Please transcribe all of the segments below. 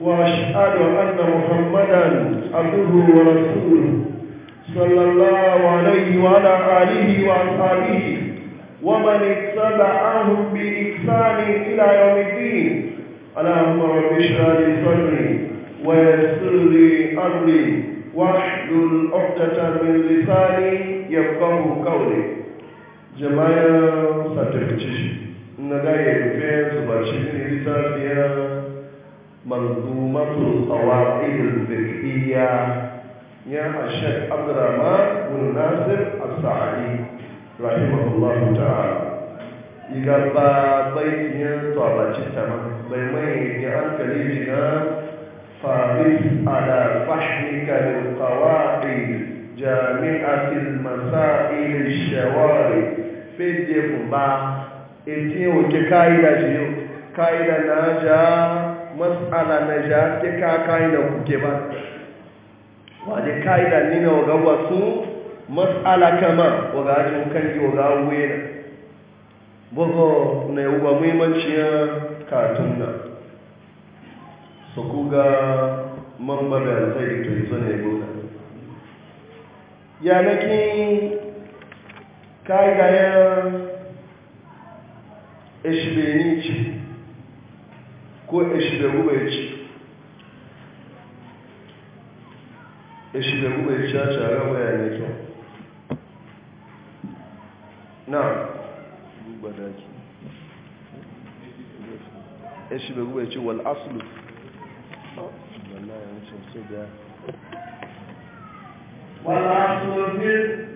وأشهد أن محمدا عبده ورسوله صلى الله عليه وعلى آله وأصحابه ومن اتبعهم بإحسان إلى يوم الدين اللهم رب اشرح لي صدري ويسر لي أمري واحلل عقدة من لساني يفقه قولي جمايا ساتفتش ندعي بفين سبحانه لسانيا منظومة القواعد الفقهية يا الشيخ عبد الرحمن بن ناصر السعدي رحمه الله تعالى إذا بيتنا طابت السماء بيني جعل كلمنا فاقف على فحمك للقواعد جامعة المسائل الشوارع في الجفن با إتيو كايدا جيو كايدا ناجا matsala na ja ke ka ka'ida kuke ba waje ka'ida nina na waga wasu matsala kama waga ajin kanji waga wena bugu na yawuwa muhimmanciyar katun nan su kuga mamba da zai to izo ne buga yanaki ka'ida ya ishbenici ko eshibegu beki eshibegu beki kyakyala bweyanyeto na badaki eshibegu beki wal aslu والعصر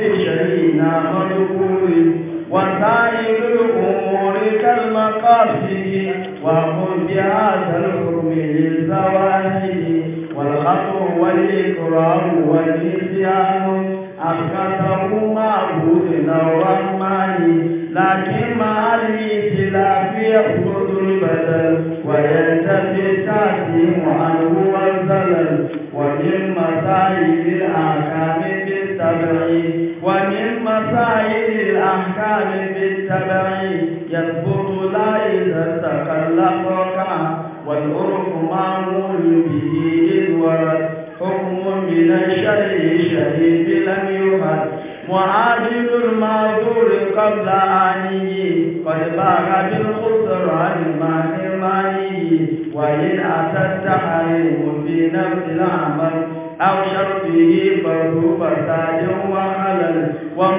وقم بهذا الحكم للفواحش والخطو والإكرام والنسيان أخذه معبود الرحمن لكن مع الإتلاف يخرج البدل ويزيد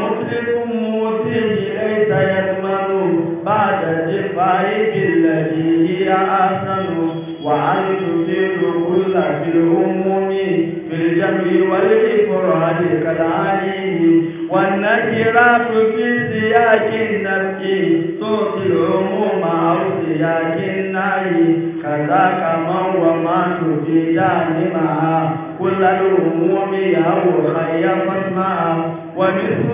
ممسك موسيه ليس يضمن بعد الجفاء بالتي هي أحسن وأن تصيب كل في الهموم في الجمع والإفراد كالعالي دائمها كل الهموم يهو خيفت معه ومثل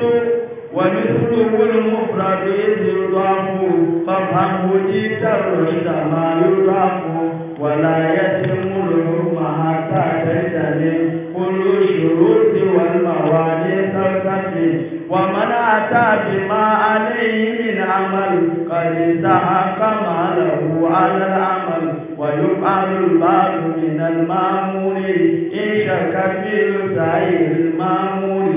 ومثله المفرد إذ يضاف فافهمه جيت الرشد ما يضاف ولا يتم الحكم حتى تجتنب كل الشروط والموانع ترتقي ومن أتى بما عليه من عمل قد تحكم له على العمل ويفعل الله من المامور إن شك في سعير المامور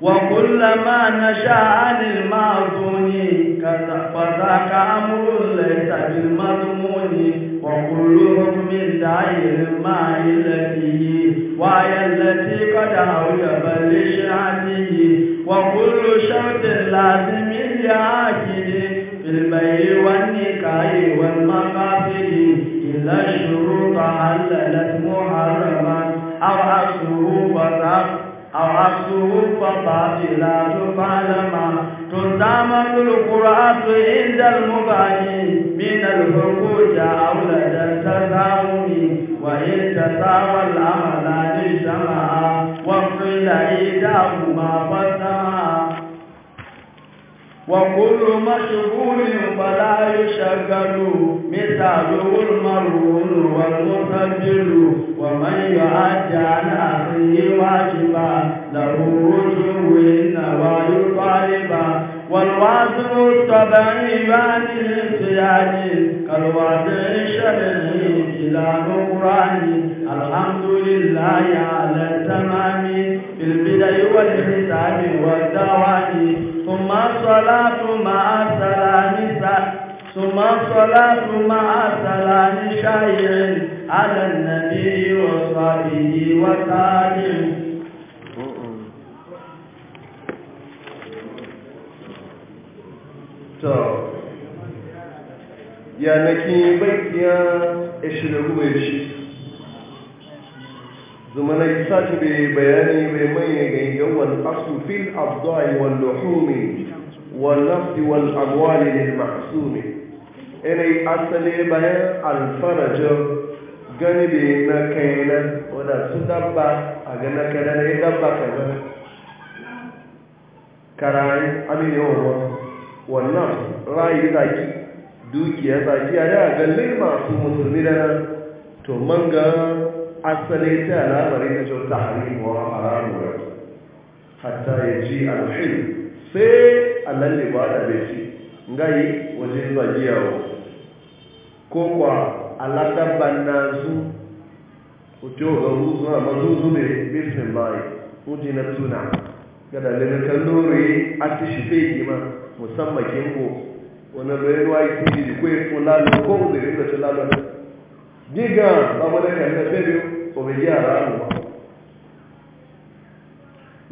وكل ما نشاء عن المعزون فذاك أمر ليس بالمضمون وكل حكم ما مع علته وهي التي قد أوجب لشرعته وكل شرط لازم لعاقل في البيع والنكاح مقاصد إلا الشروط عللت محرما أو أشهر فضع أو أشهر فضعلات فعلما تلزم القراءة عند المباني من الحقوق أو لدى التساوم وإن تساوى الأمران اجتمعا وفصل إيداهما فاجتمعا وكل مشغول فلا يشغل مثاله المرهون والمسجل ومن يعد عن أخيه واجبا له وجوه النوى طالبا والواجب الطبعي بعد الانقياد كالواجب الشرعي إلى نقران الحمد لله على التمام بالبدع والختام والدوام ثم الصلاة مع سلام ثم الصلاة مع سلام شايع على النبي وصحبه وتابعه to yanaki bakiya 24 shi zuma na isa ci bai bayani bai manye gangan wal asu fil abdai wal luhumi wal nafsi wal amwali lil mahsumi ene asale bayan alfaraja gani bai na kaina wanda su dabba a ga na kada na dabba kaza karai abin yawon wannan rayu zaki dukiya zaki a ga a gallin masu musulmi da nan to manga asali ta labari na jin taharimu wa haramu ya hatta ya ji alhil sai alalle ba da befi ngai waje zagiyawa ko kwa aladaban na zu hoto ga ruzu na mazuzu ne birfin mai hutu na tuna ga dalilin kallori a ta shi fai ma musamman kinko wani ruwa ya kuji da kwaye ko lalo ko da su ta gigan mamadakan na bebe obegi a ramu ba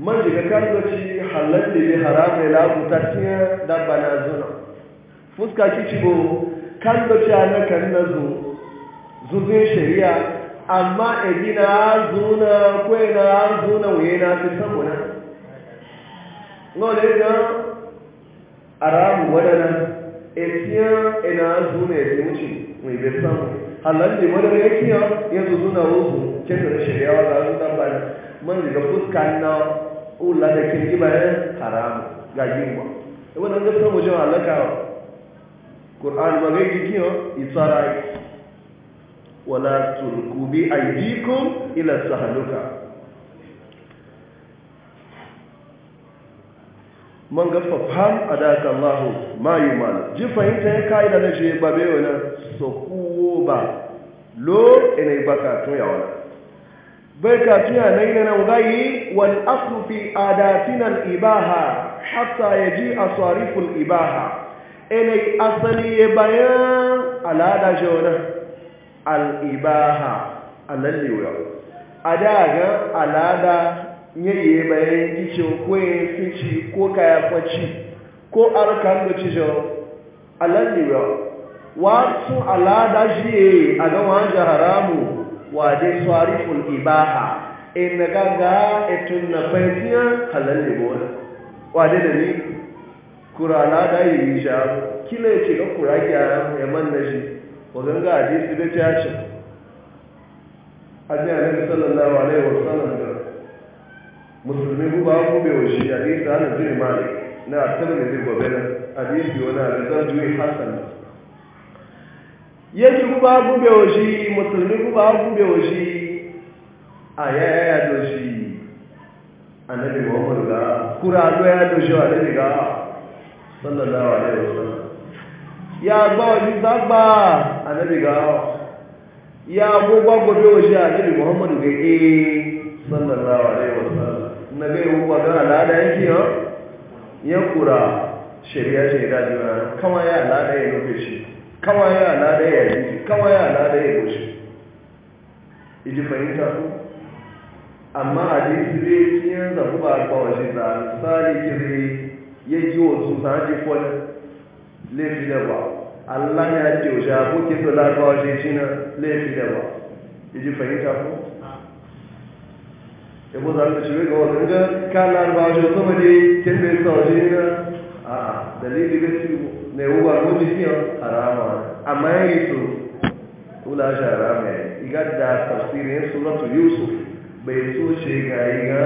man shiga kasuwaci halatta ne haramu ya labuta tiya dabba na zuna fuska kicibo kasuwaci a nakan na zu zuzun shari'a amma egi na zuna kwai na zuna wuye na fi sabuna nole ga aramu wadana etiyan ina zuna ya fi mai ne wadda ya kiyo ya zuzu na wuzu kenda da shari'a wa zaru dan bani man daga fuska na ula da ji bayan haramu ga yunwa wanda ga samu jin halaka Qur'an ba ga kiyo isara wala turku bi aydikum ila sahaluka man ga fafham adaka Allah ma yumal ji fahimta ya kai da shi babe wani so ba lo ina yi baka tun yawa bai ka tun ya na yi nan gayi wal aslu fi adatinan ibaha hatta ya ji a ibaha ina yi asali ya bayan al'ada jona al'ibaha a lallewa a daga al'ada yayi bayan gicin ko ya fi ko kaya kwaci ko arkan da ci jona a watu aladashi agawanja haramu waje swariful ibaha in gaga etun na faitiya halalle bona waje da ni kurana da yi sha kila ce ga kuraki a ya na shi wajen ga hadisi da ta ce hadisi annabi sallallahu alaihi wasallam da musulmi ku ba ku bai wuce hadisi ana jini malik na tarbiyyar gobe na hadisi wani hadisi zan juyi hasan yake kuma gube wa shi musulmi kuma gube wa shi Aya yaya ya doshi annabi muhammadu ga kura zo ya doshi wa annabi ga sallallahu alaihi wasallam ya gba wa shi zagba annabi ga ya gogwa gobe wa shi annabi muhammadu ga eh sallallahu alaihi wasallam na bai hukuwa ga al'ada yake ya kura shari'a shari'a jiwa kama ya al'ada ya nufe shi kawai yana da yayi kawai yana da yayi shi idi fahimta ku amma hadisi zai tiyan da ku ba ba wajen da misali kire yayi wa su saje ko lefi da ba Allah ya ce shi shafu ke to la ba wajen shi na lefi da ba idi fahimta ku yabo zan ta shiga wannan ga kana ba wajen to ba dai kin bai sauje na a dalili bai ci da yawuwa gobe fiyan harama amma ya yi so wula harama ya iga da tafsirin suratu yusuf bai so ce ga iga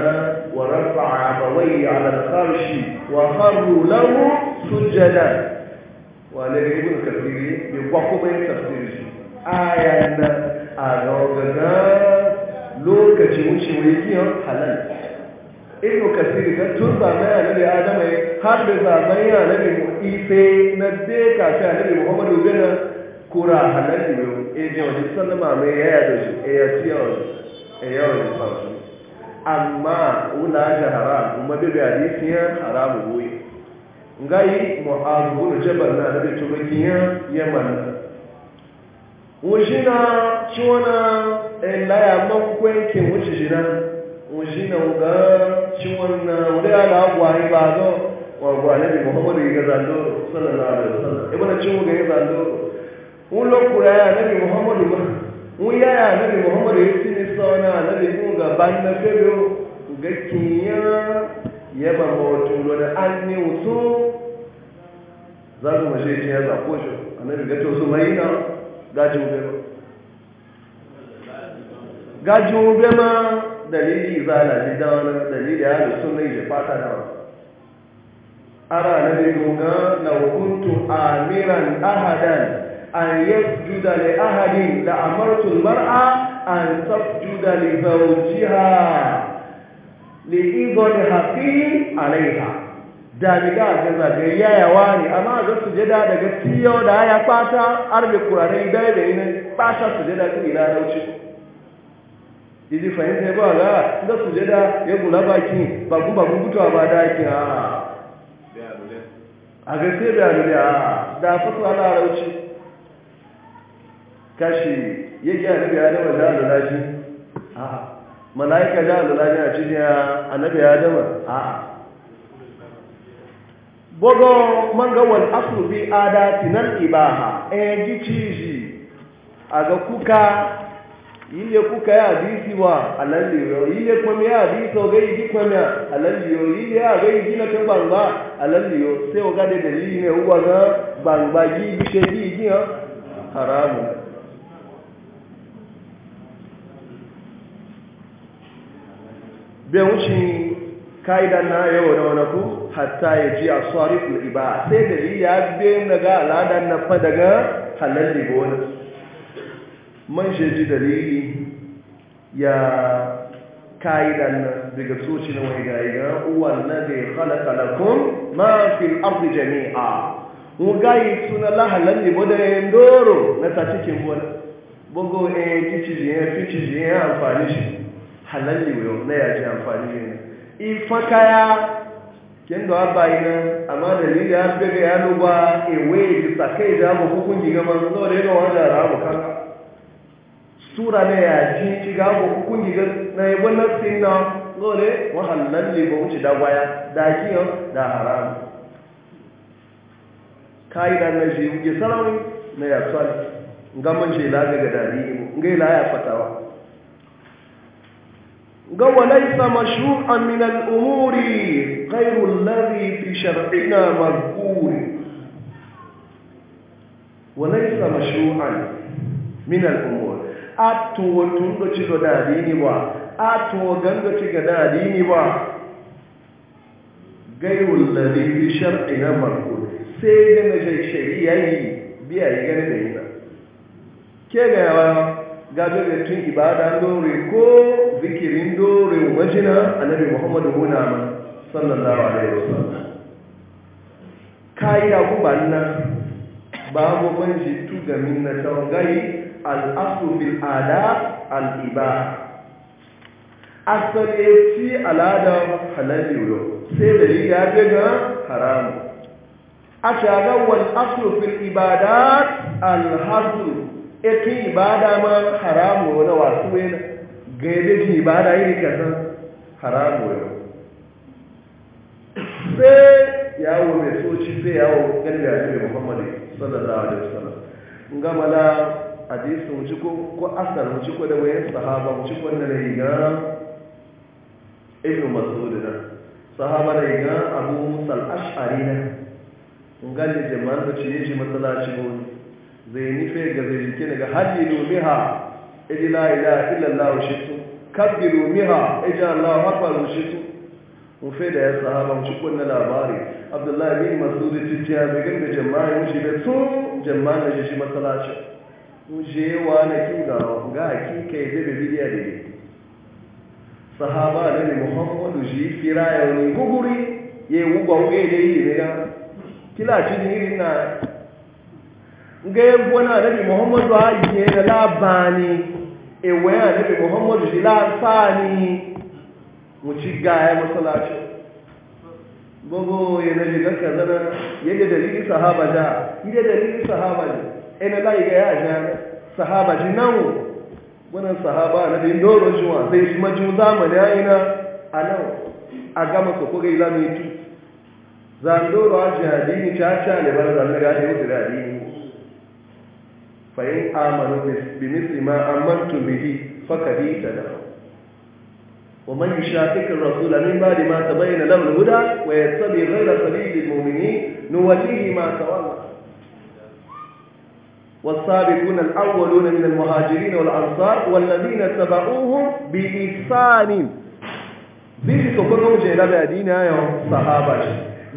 wa rafa abawai ala alfarshi wa haru lahu sujjada wale ne ibn kasiri bai kwakwa bai tafsiri shi aya yana. a ga lokaci wuce wuri fiyan halal ibn kasiri kan tun zamai annabi adam har da zamai annabi isa na de ka ta annabi muhammadu kura halalli ne e je wani sallama mai ya da shi e ya ci e ya wani fasu amma wula ga haram kuma bi hadisi ya haramu goyi ngai mu'adh bin jabal na da tubakiya yaman la ya wuji na wuga ciwon na wuri ala gwani ba zo wa gwani bi muhammadu ga zando sallallahu alaihi wasallam ibn ciwo ga zando un lokura ya nabi muhammadu ba un ya ya nabi muhammadu ya tini sauna nabi kun ga banda fero ga kinya ya ba mawatun an ne wuto za su mace ce ya zako shi annabi ga to su mai na gajin bema gajin dalili zana ji da wani dalili ya lusun na ije fata da wani ara na bi na hukuntu amiran ahadan an yasjuda li ahadin la amartu almar'a an tasjuda li zawjiha li idon hafi alaiha da diga ga zage yayawa ne amma ga sujada daga tiyo da ya fata arbe kurare da da ne fata sujada wuce. dauci idi fahimta ba ga da su jada ya gula baki baku baku gutuwa ba dakin a a gaske da rubiya da fito ala rauci kashi yake a rubiya da wanda alula shi a mala'ika da alula shi a cikin annabi adama a bogo manga wal aslu bi adatinan ibaha e gici a ga kuka ile kuka ya hadisi wa alalliyo ile kwame ya hadisi wa gai ji kwame alalliyo ile ya gai ji na kan bangba alalliyo sai wa gade dalili ne uwa bangba ji bi ke ji ji haramu bai kaida na yau da ku hatta ya ji a iba sai dalili ya bi daga aladan na daga halalli man ji dalili ya ka'idan nan daga soci na wani ga'iga wannan da ya halaka kun ma fi arzi jami'a mu gayi suna lahalar ne bude yin doro na ta cikin wani bugu ne kici jiya fi ci amfani shi halar ne wuyo na yaji amfani ne ifa kaya kin da ba yi nan amma da ni da ya fi ga ya luba ewe ji sakai da mu hukun gaban zo da yana wanda ramu kanka sura na yaji ci gabo hukun giga na yabon nafsi na gole wahannan ba wuce dagwaya da kiyo da haram da na ji wuge sarauni na yasuwa gaman ce la ga dari ibu ga ila ya fatawa ga walaisa mashru'an min al-umuri ghayru alladhi fi shar'ina marquri walaisa mashru'an min al-umuri ato tun da ci da adini ba ato gan da ci da adini ba gairul ladhi bi shar'i na marqud sai da na shari'a yi biya yi gane da yana ke ga yawa gado da tun ibada dore ko zikirin dore wajina annabi muhammadu huna ma sallallahu alaihi wasallam kai da ku banna babu banji tu gamin na tawangai al'asu fil ada al'iba asali ci al'ada halalli yau sai da yi ya fi ga haramu a shagar wa asu fil ibada al'asu ake ibada ma haramu wani wasu wani gaibe ki ibada yi kasan haramu yau sai yawo mai soci sai yawo gani da ya fi muhammadu sallallahu alaihi wasallam gama hadisi mu ci ko asar mu ci ko da wayan sahaba mu ci ko da riga ibnu mas'ud da sahaba da riga abu musal ash'ari na ngali jama'ar da ci shi matsalaci ko zai nife ga zai jike daga hadilu biha idi la ilaha illa allah shitu kabbiru biha ija allah akbar shitu mu fe da ya sahaba mu ci ko na labari abdullahi bin mas'ud ci ya ga jama'a mu shi da su jama'a da shi matsalaci kuje wa na kinga ga hakika ya zai bidiya da sahaba da ne muhammadu shi kira ya wani guguri ya yi gugwa wuge da yi ne na kila ci ni irin na ga ya gwana da ne muhammadu a yi ne na labani ewe ya da ne muhammadu shi lafani mu ci gaya masalaci gogo ya na shiga kazana yadda dalilin sahaba da yadda dalilin sahaba da ina la ga ya ja sahaba jinawo wannan sahaba na bin doro juwa sai su maju zamani ya ina anan a gama su ko ga ilami tu zandoro a jihadini ta ta ne bar zan ga da yau da dini fa in amanu bi misli ma amantu bihi faqad itadaw ومن يشاكك الرسول من بعد ما ya له الهدى ويتبع غير سبيل المؤمنين نوليه ma تولى والسابقون الأولون من المهاجرين والأنصار والذين سبعوهم بإحسان زيجي سكونهم جيلا بأدين يا صحابة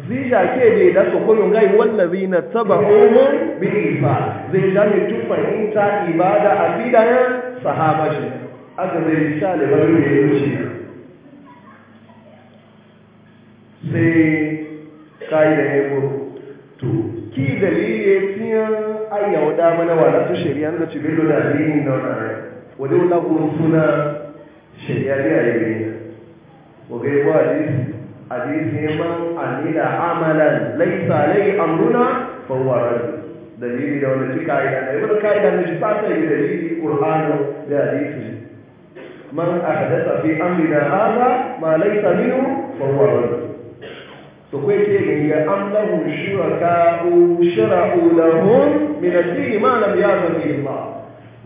زيجي أكيد لا سكونهم غير والذين سبعوهم بإحسان زيجي تفهم إنتا إبادة أبيدا يا صحابة أجل رسالة بلوية يلوشي sai kai da yabo to ki dalili ya tiyan ayya wada mana wala to shari'a da ci billo da addini da wannan wani wala ko suna shari'a ne a yi wa ga wa hadisi hadisi man anila amalan laysa alai amruna fa huwa rad dalili da wannan ci kaida da wannan da ne ci fata yi dalili qur'ano da hadisi man ahdatha fi Amina hadha ma laysa minhu fa huwa rad to kwai ke ga an lahu shuraka'u shara'u lahum min addini na lam yazan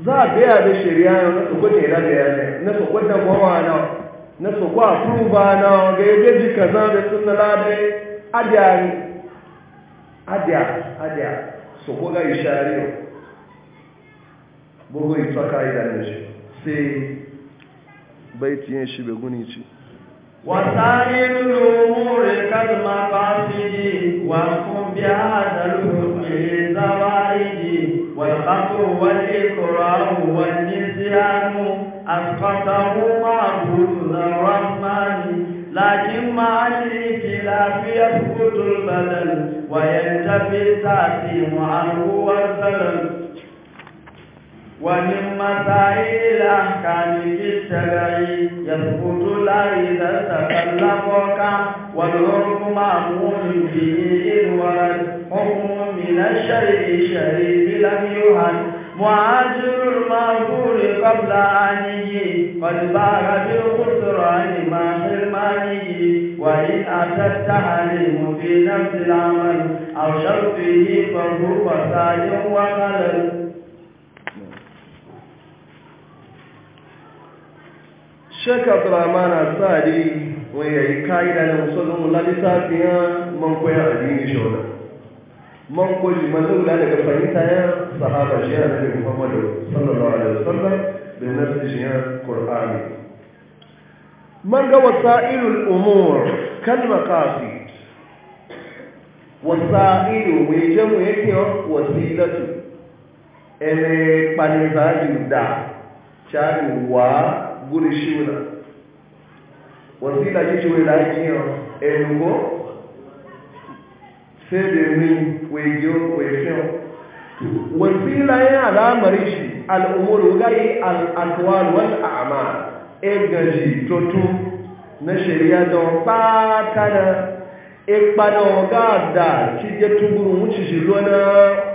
za a gaya da shari'a na su gwada ila da yana na su gwawa na na su kwa tuba na ga yabe kaza da sunna lade adiyani adiya adiya su ko ga ishariyo bugu ita kaida ne shi sai baitiyin shi bai guni ci وسائر الأمور كالمقاصد واحكم بهذا الحكم للزواج والقطر والإكرام والنسيان أسقطه معبود الرحمن لكن مع الإكلاف يسقط البدن وينتفي تعتيم عنه والسلم ومن مسائل الأحكام في يسقط لا إذا تكلفك والحكم معمول به إذ ورد حكم من الشرع الشريف لم يهد معاشر المعقول قبل عنه قد باغ بالخسران ما حرمانه وإن أتى التعليم في نفس العمل أو شرطه فهو فساد وخلل sheik abdulrahman asadi wani ya yi ka'ida na musulun lalisa fiye man koya addini shauna man koji manzula daga fahimta ya sahaba shi ya nabi muhammadu sallallahu alaihi wasallam da nasu shi ya qur'ani man ga wasailul umur kalma kafi wasailu mai jamu yake wasilatu ene panizaji da chari wa guri shiwuna wasila gishi wai lafiya enugo sai da ni wejo wefiyan wasila yin alamari shi al'umuru gai al'akwal wal a'amal egaji na shari'a don patana ìpadà ọ̀gá àdá tí jẹ́ tó gúrùn ko je lọ́nà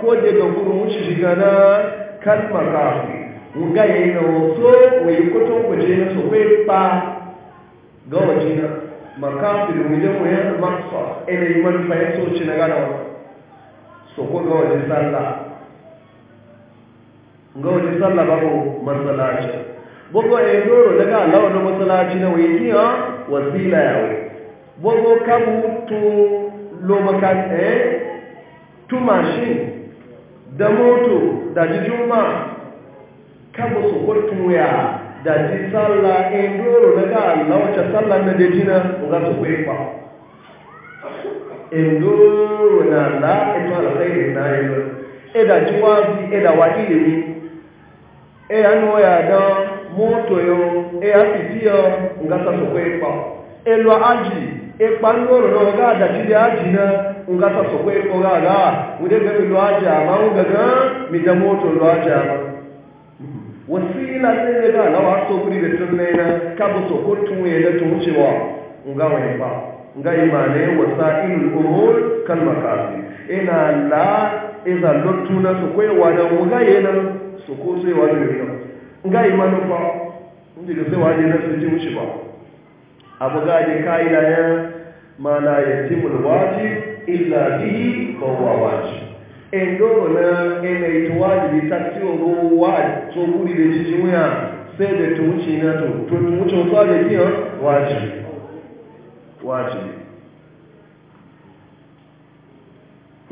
kó jẹ́ gbogbo ún wuga yi na wato wai kwatan kwaje na su kai ba ga waje na makafin wajen wajen maksa ina yi manufa ya soci na gada wani so ko ga waje sallah ga waje sallah babu matsalaci a yi doro daga alawar na matsalaci na wai iya wasila ya wai Boko kabu to lo makasai eh, tu mashin da moto da jijin ma kabo su kurkin ya da ji sallah in doro Allah wacce na ga su kwaye ba in doro na ito na yi e da ji wazi e da waki ilimi e ya no ya da moto yo e ya fiti yo ga su kwaye ba e lo aji e pa na na ga mi moto wasila sai ne ba na wato kuri da tunne na kabu so ko tun ya da tun cewa nga wani ba nga imane wasailul umur kal makasi ina la iza lotu na su koyi wada nga yana su ko sai da ne nga imanu ba, inda da sai wada da su ji mushi ba abu ga je da ya mana yatimul wajib illa bihi fa huwa wajib endoro na ene itu wajibi tati ogo waji da jiji wuya sai da tumuci na to to tumuci wasu a da kiyo wajibi wajibi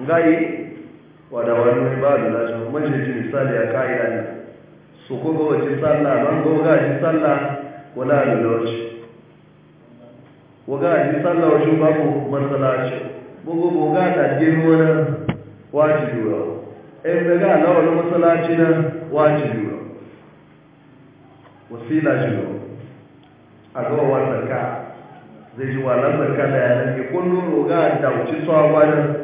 ngai wadawani mai ba da lashin majalisi misali a ka'ida ne su kogo wace sallah man wajibi wa eh daga alawar masallaci na wajibi wa wasila jiro a ga wannan zai ji wannan barka da yanar ke kullum roga da wuce tsawa gwanin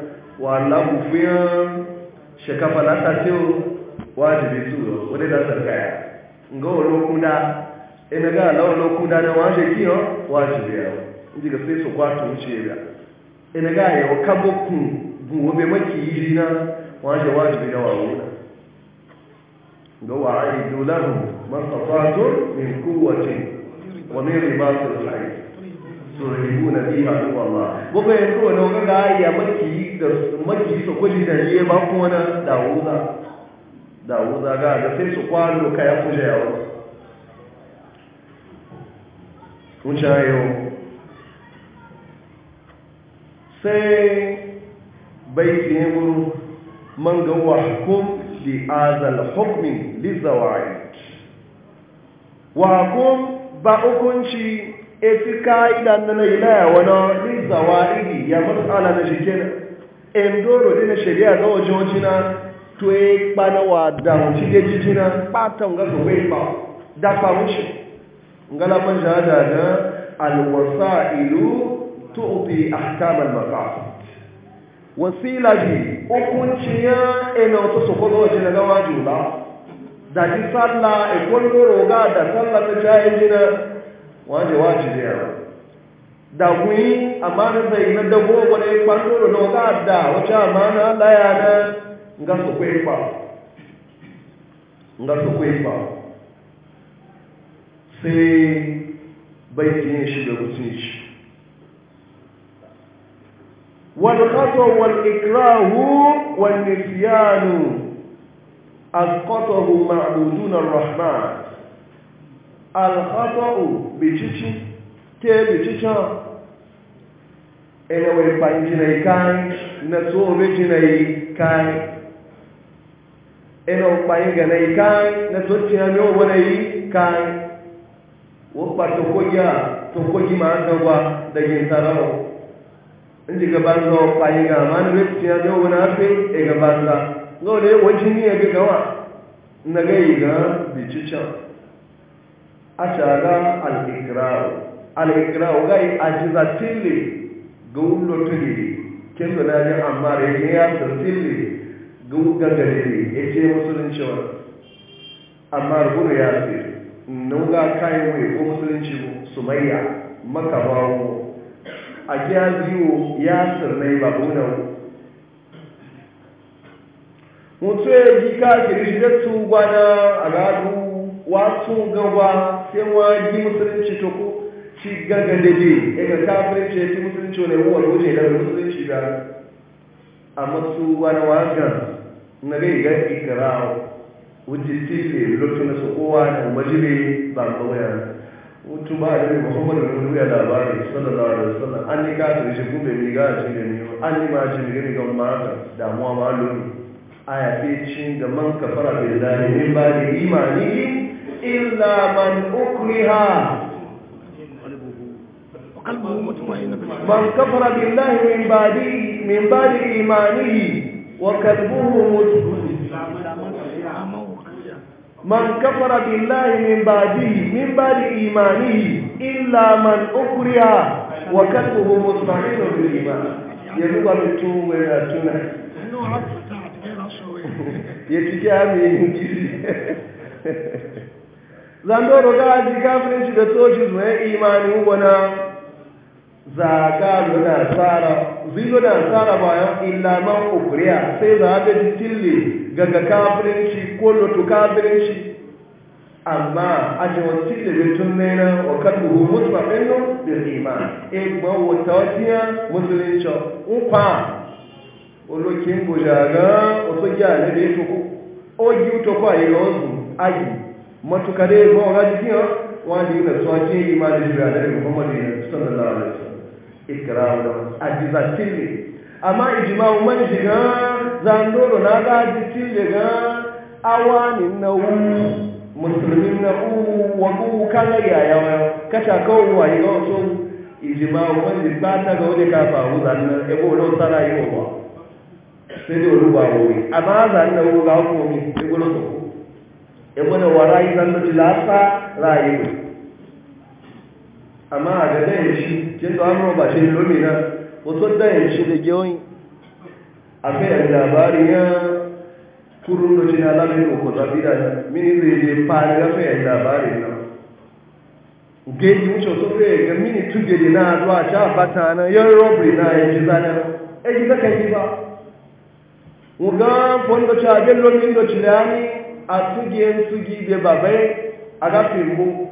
wannan bufiyan shekafa na tasiru wajibi su wani da sarkaya ga lokuda ina ga lawan na wajen kiyo wajibi yawo inji ga sai su kwato wuce ya ina ga yau kabokun gobe maki yi na wani da wajibi da wuna ga wa a ido lahu masafatun min kowace wani ribatul hai su rahibu na biya zuwa ma buga ya kowa na wani gaya maki yi da maki su kuli da ne ba kuma na dawuza dawuza ga da sai su kwano ka ya kuje yawon kuca yau sai bai ne guru man ga wahkum li azal hukmi li zawai wahkum ba hukunci eti ka'ida na na ilaya wani li zawai ya matsala na shike endoro dina shari'a ga wajen wajina to ya kpana wa da wuce da jijina patan ga gobe ba dafa wuce ngalaman jada na alwasa'ilu tu'ti ahkamal maqasid wasila ji hukunci ya ina wata sokoto wace na gama jula e da ji sallah a ga roga da sallah ta jaye jina waje waje da yawa da kuyi amana yi na dago wani kwallo ga da wace amana daya na nga su kwe kwa nga su kwe kwa sai bai yin shi da mutum shi والخطأ والإكراه والنسيان أسقطه معبودون الرحمن الخطأ بشيشي كيف بشيشا ina wai banjinai kai na tsoron jinai kai ina wai ganai kai na tsoron yau wani kai wabba tokogi a da ndiga banza opayiga amani betiya nyobo nafe ega banza ngone wajini ege gawa naga iga bichicha achaga al-ikrao al-ikrao gai ajiza tili gaulo tili kendo na ya amare ne ya tili gauga gadeli eje musulunci wa amma rubuno ya tili nunga kai mu ko musulunci sumayya makabawo a gya biyu ya sirrai babu da mutu ya yi ka kiri shi dattu gwana a gado wasu gaba sai yi musulunci to ko ci gaga da je e ya ga kafirci ya fi musulunci wani wani wuce da musulunci da a matsu wani wagan na rai ga ikirawa wujiti ne lokacin da su kowa da majile ba kawai mutu ba da muhammad bin ya labari sallallahu alaihi wasallam an yi ka shi gube mai ga shi da niyo an yi ma shi da ni ga ma damuwa ma A ya fi cin da man kafara zane ne ba da imani illa man ukriha من كفر بالله min ba da imani wa وقلبه مطمئن من كفر بالله من بعده من بعد إيمانه إلا من أكره وكفه مطمئن بالإيمان يبقى متوم ولا تنا يتجامي zandoro ga ji kafirinci da toshi zuwa eh, imani wana zaga luna tsara zilo da tsara bayan ilaman ukuriya sai za a tilli gaga kafirinci ko lotu kafirinci amma a jawanci da jirgin nena wa kan buhu mutu a ɗanyo da rima e gba wata wasiya musulunci nkwa olokin bujaga wasu gyara da ya toko o yi utoko a yi rozu da ya gba wa jikin wani yi na suwa ke yi ma da jirgin da muhammadu ya sanar da wasallam ikirawo da ajiza tilli amma ijima'u man shiga zandoro na gaji cin daga awanin na wu musulmin na wu wa kuku kala kasha kawo ta ga wani kafa wu zannan ebo wani yi ba sai dai wani ba wuri amma zannan wu ga hukun omi ebo na soko ebo na rayu zannan ji lasa rayu amma a ga dai e shi ba shi lomina wato da ya shi da gyoyin a kai a labari ya kurun da shi na labarin ko ta bida mini zai je fari ya kai labari na geji wuce wato kai ga mini tugeli na zuwa ta fata na yan robbery na ya ji zana na e ji zaka yi ba muga fondo cha gello mindo chilani atugi ensugi be babae agapimbu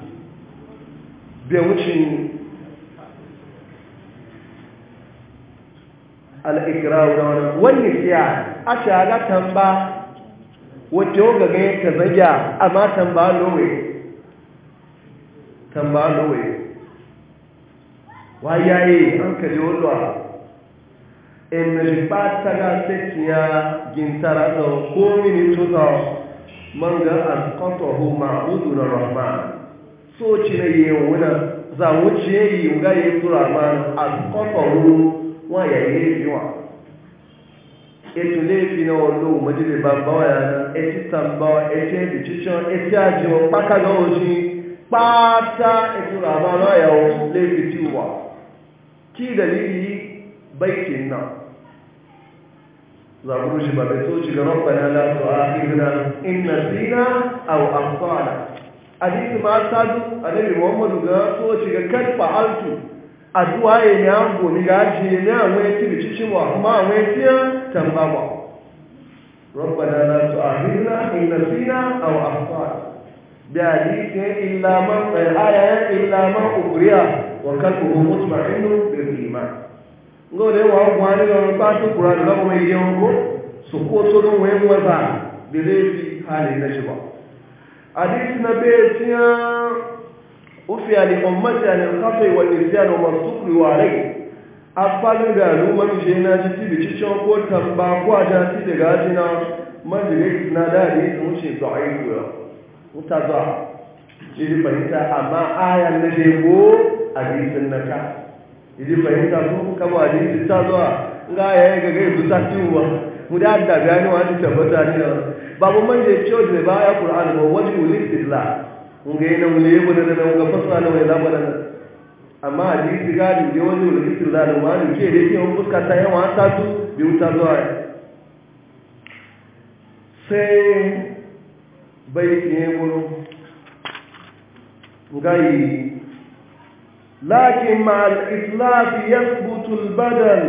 bai wuce al'ikirawo da wani wani siya a shaga tamba wacce yau gaga ya zagya amma tamba lowe tamba lowe wayaye an kaji wulwa in na jifa ta ga sekiya gintara ko mini tuta manga al alkotohu ma'udu na rahman soci na yi wuna za wuce yi ga yi tura ma a kọkọrọ wọn yà yi lefi na wọn lóhùn mọdébé ya wa mba etí tàmbá etí ẹbí chichán etí àjẹwò pákàgá òjì pátá ìtura ma náà yà wọn lefi baiti na na au hadisi ma du annabi muhammadu ga so ci ga kan altu addu'a ya ne an gomi ga ji ne an wai ci bici ci wa ma an wai ci tamba ba rabbana la tu'akhidna in nasina aw akhtana bi hadisi illa man ayaya illa man ukriya wa qalbuhu mutma'innun bil iman ngore wa ni ga ba tu qur'an ga mai yawo su ko so don wai waza da de fi hali na shi ba hadisi na bai tiya ufi ali ummati an qafi wa irjan wa masukri wa alai afalu da luman je na ji tibi ci cin ko tamba ko da ti daga na majalis na da ne sun ce da'ifu ya mutaza ji fahimta amma ayan na je ko hadisin na ka ji fahimta ko kama a hadisi ta zuwa ga ya ga gaisu ta ciwa mu da da bayani wani ta tabbata ne babu manje chozi ba ya Qur'an ba waje ulistidla mun ga yana mun yebo da nan ga fasara na wai laba amma hadisi ga da je waje ulistidla da wani ke da ke yake fuska ta yawa ta tu bi uta zuwa sai bai ne lakin ma al مع الإطلاق al-badal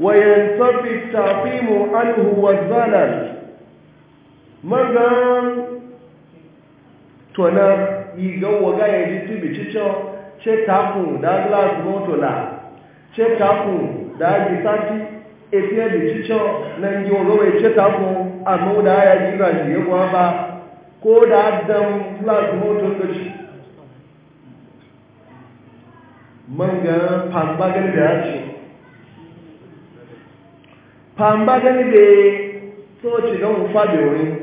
وينصف التعقيم عنه والزلل magan tona igawo ga ya ji tibi cicho ce taku da glass motola ce taku da gisati efiye da cicho na ndi olowe ce taku amma da ya ji rashi ya kuwa ba ko da adam glass motola ci magan pamba gani da ya ci pamba gani da so ci don fadi orin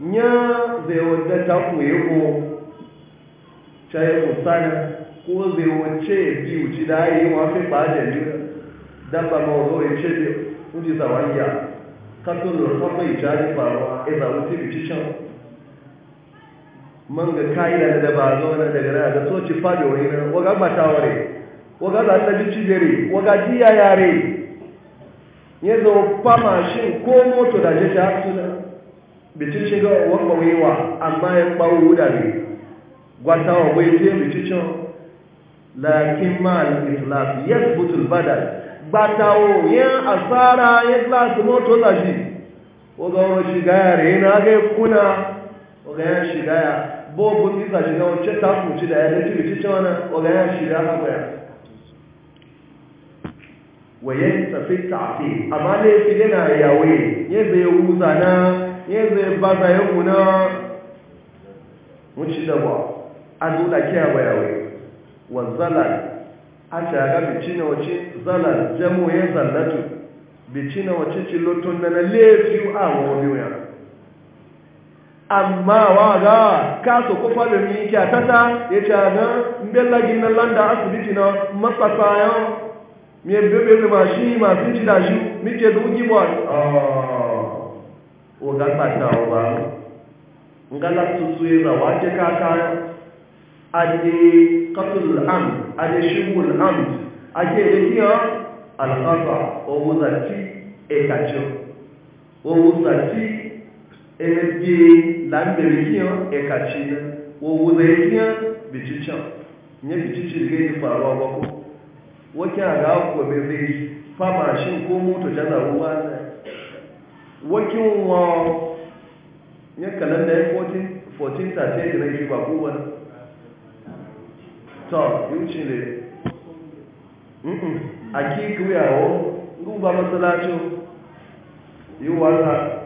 nya zai wadda ta kuye ko ta yi musana zai wace biyu ji da yi wa fi fajen jira dabba ma ya zawanya katon da rufafa ya jari man ga kayan da ba zo na daga so da soci fadi wani na waga mataware waga za ta ji cibiyar waga jiya yare ya fama shi ko moto da jita suna bichichi ga ọwụwa mgbanwe ịwa amaghị gwata ọgba etie bichichi lakin mal islam yes butul badal gbatawo ya asara ya glasi moto zaji oga ọrụ shiga ya ree na aga kuna oga ya shiga ya bọọbụ ndị na oche da ya leji bichichi ya shiga haka ya tafi amma yana yawe yadda ya wuza na yin zai ba za yi guna wuce da ba a zuɗa kiya bayawai wa zalar a shaga bici na wace zalar jamo ya zallatu bici na wace cilotun na na lefiyu a wawa biyu ya amma wa ka kaso kofa da mi kyatata ya ce ga mbellagin na landa asibiti na matsasayan mi bebe ma shi ma ci da shi mike da ugi ba oga kpatawo ba ngala tutu eza wa je kaka aje qatlul amd aje shubul amd aje lekiyo alqata owuza ti ekacho owuza ti eje lamberekiyo ekachina owuza ekiyo bichicha nye bichichi ligeni faruwa wako wokin aga ko be zai fama shin ko moto jaza ruwa na wakin wa ya kalanda ya 1438 na yi ba kowane ta yi wuce ne a kiki wuyawo guba matsalacin yi wata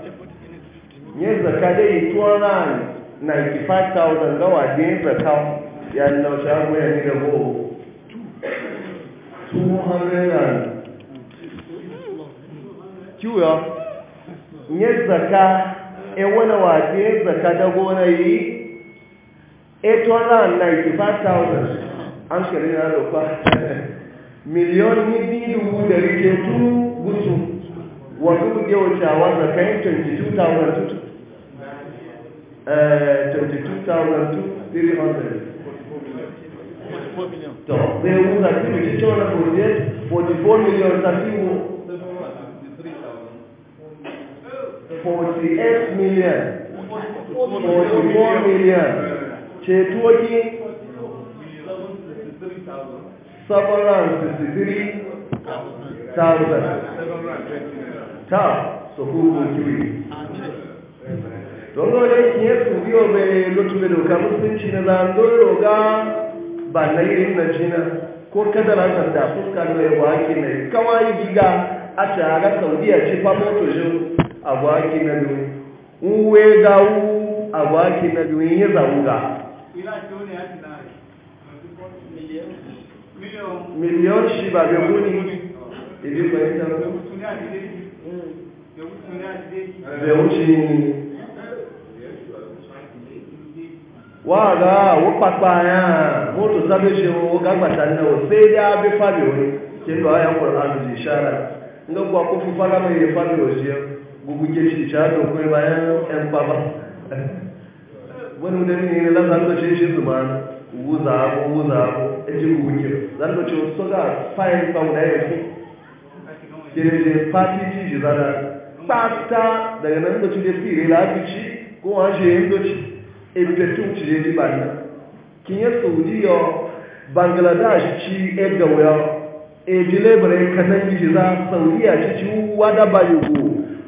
ya zaka dai tuwa na 95,000 gawa din zaka ya laushe abu ya ni gabo 200,000 kiwo ya nye zaka e wani wace zaka da gona yi 895,000 an shirya na rufa miliyon ni biyu da rike tu gusu wasu kuke wucewa zakan 22,000 22,300 to zai wuza kuma cikin wani 44 miliyan tafi 48 million 44 million ceto ki 763,000 ta su kuru kiwi don gole kiye su biyo mai lutube doka musulunci na zandon ba na irin na jina ko kadara kan da fuska da yawa ake mai kawai giga a shahara saudiya ce famoto shi agwaki na biyu uwe gawu agwaki na biyu yin zawu ga miliyon shi ba bai guni ibi fahimta bai wuce mm. wa ga wupapa ya mutu sabe shi wo ga gbata na o sai da bi fabi wani kin do ayan qur'an di shara ngwa ko fu faga mai fabi o shi guguge shi shaɗo kawai bayan ‘yan kwaba wani da ne na zanto shi zuma wuza abu wuza abu eji guguge zanto ce wasu ga fayin da ya fi kereje fati ci shi zana fata daga nan da cike fi rila abici ko an shi yin doci ebetun ci je ji banda kin yi saudiya bangladesh ci egawaya ejile bare katan gizi za saudiya ci ci wada bayogo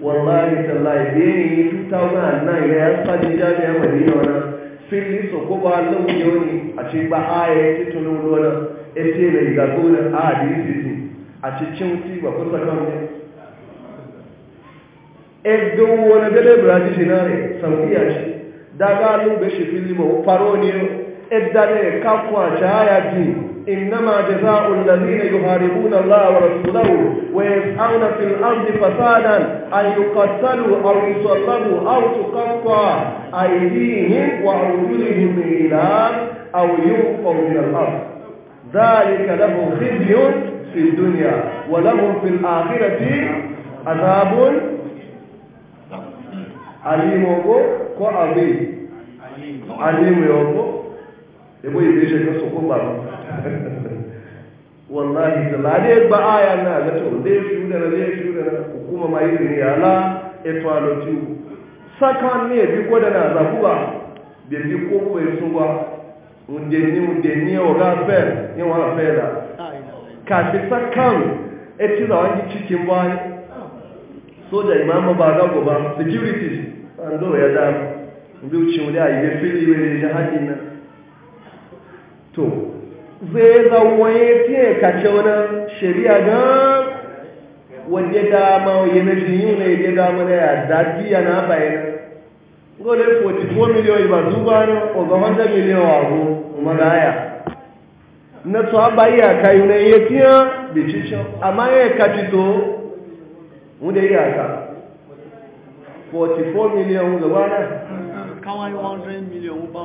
wallahi tallahi bene ni 2009 ya yasa ni jami'a madina wana fili so ko ba Allah yoni a ce ba aya ti tunu wala ete ne ga gona a di sisi a ci cin ti ba ko sa kan e do wala dele braji sinare saudiya ci daga lu be shi fili mo paroni e dane ka ko a ja ya ji إنما جزاء الذين يحاربون الله ورسوله ويسعون في الأرض فسادا أن يقتلوا أو يصلبوا أو تقطع أيديهم وأرجلهم من أو ينفوا من الأرض ذلك لهم خزي في الدنيا ولهم في الآخرة عذاب أليم عظيم أليم يوم ebo igbe shi ga so kuma wallahi da lade ba aya na ga to da shi da na da shi da na hukuma mai izini ya la etwalotu sakan ne bi ko da na zabuba bi bi ko ko e so ba undenni undenni o ga fe ni wa fe da ka da wani cikin ba soja imamu ba ga go ba security ya da bi uchi wuri ayi fili wele na to zai zama ya fiye kace wani shari'a don wadda dama yana jini ne ya dama da ya daji yana bayanan gole 44 miliyoyi ba zuba ne oga wanda miliyan wago magaya na to aba iya kayu na iya tiya bicicin amma ya kaci to wuda iya ka 44 miliyan gaba na kawai 100 miliyan ba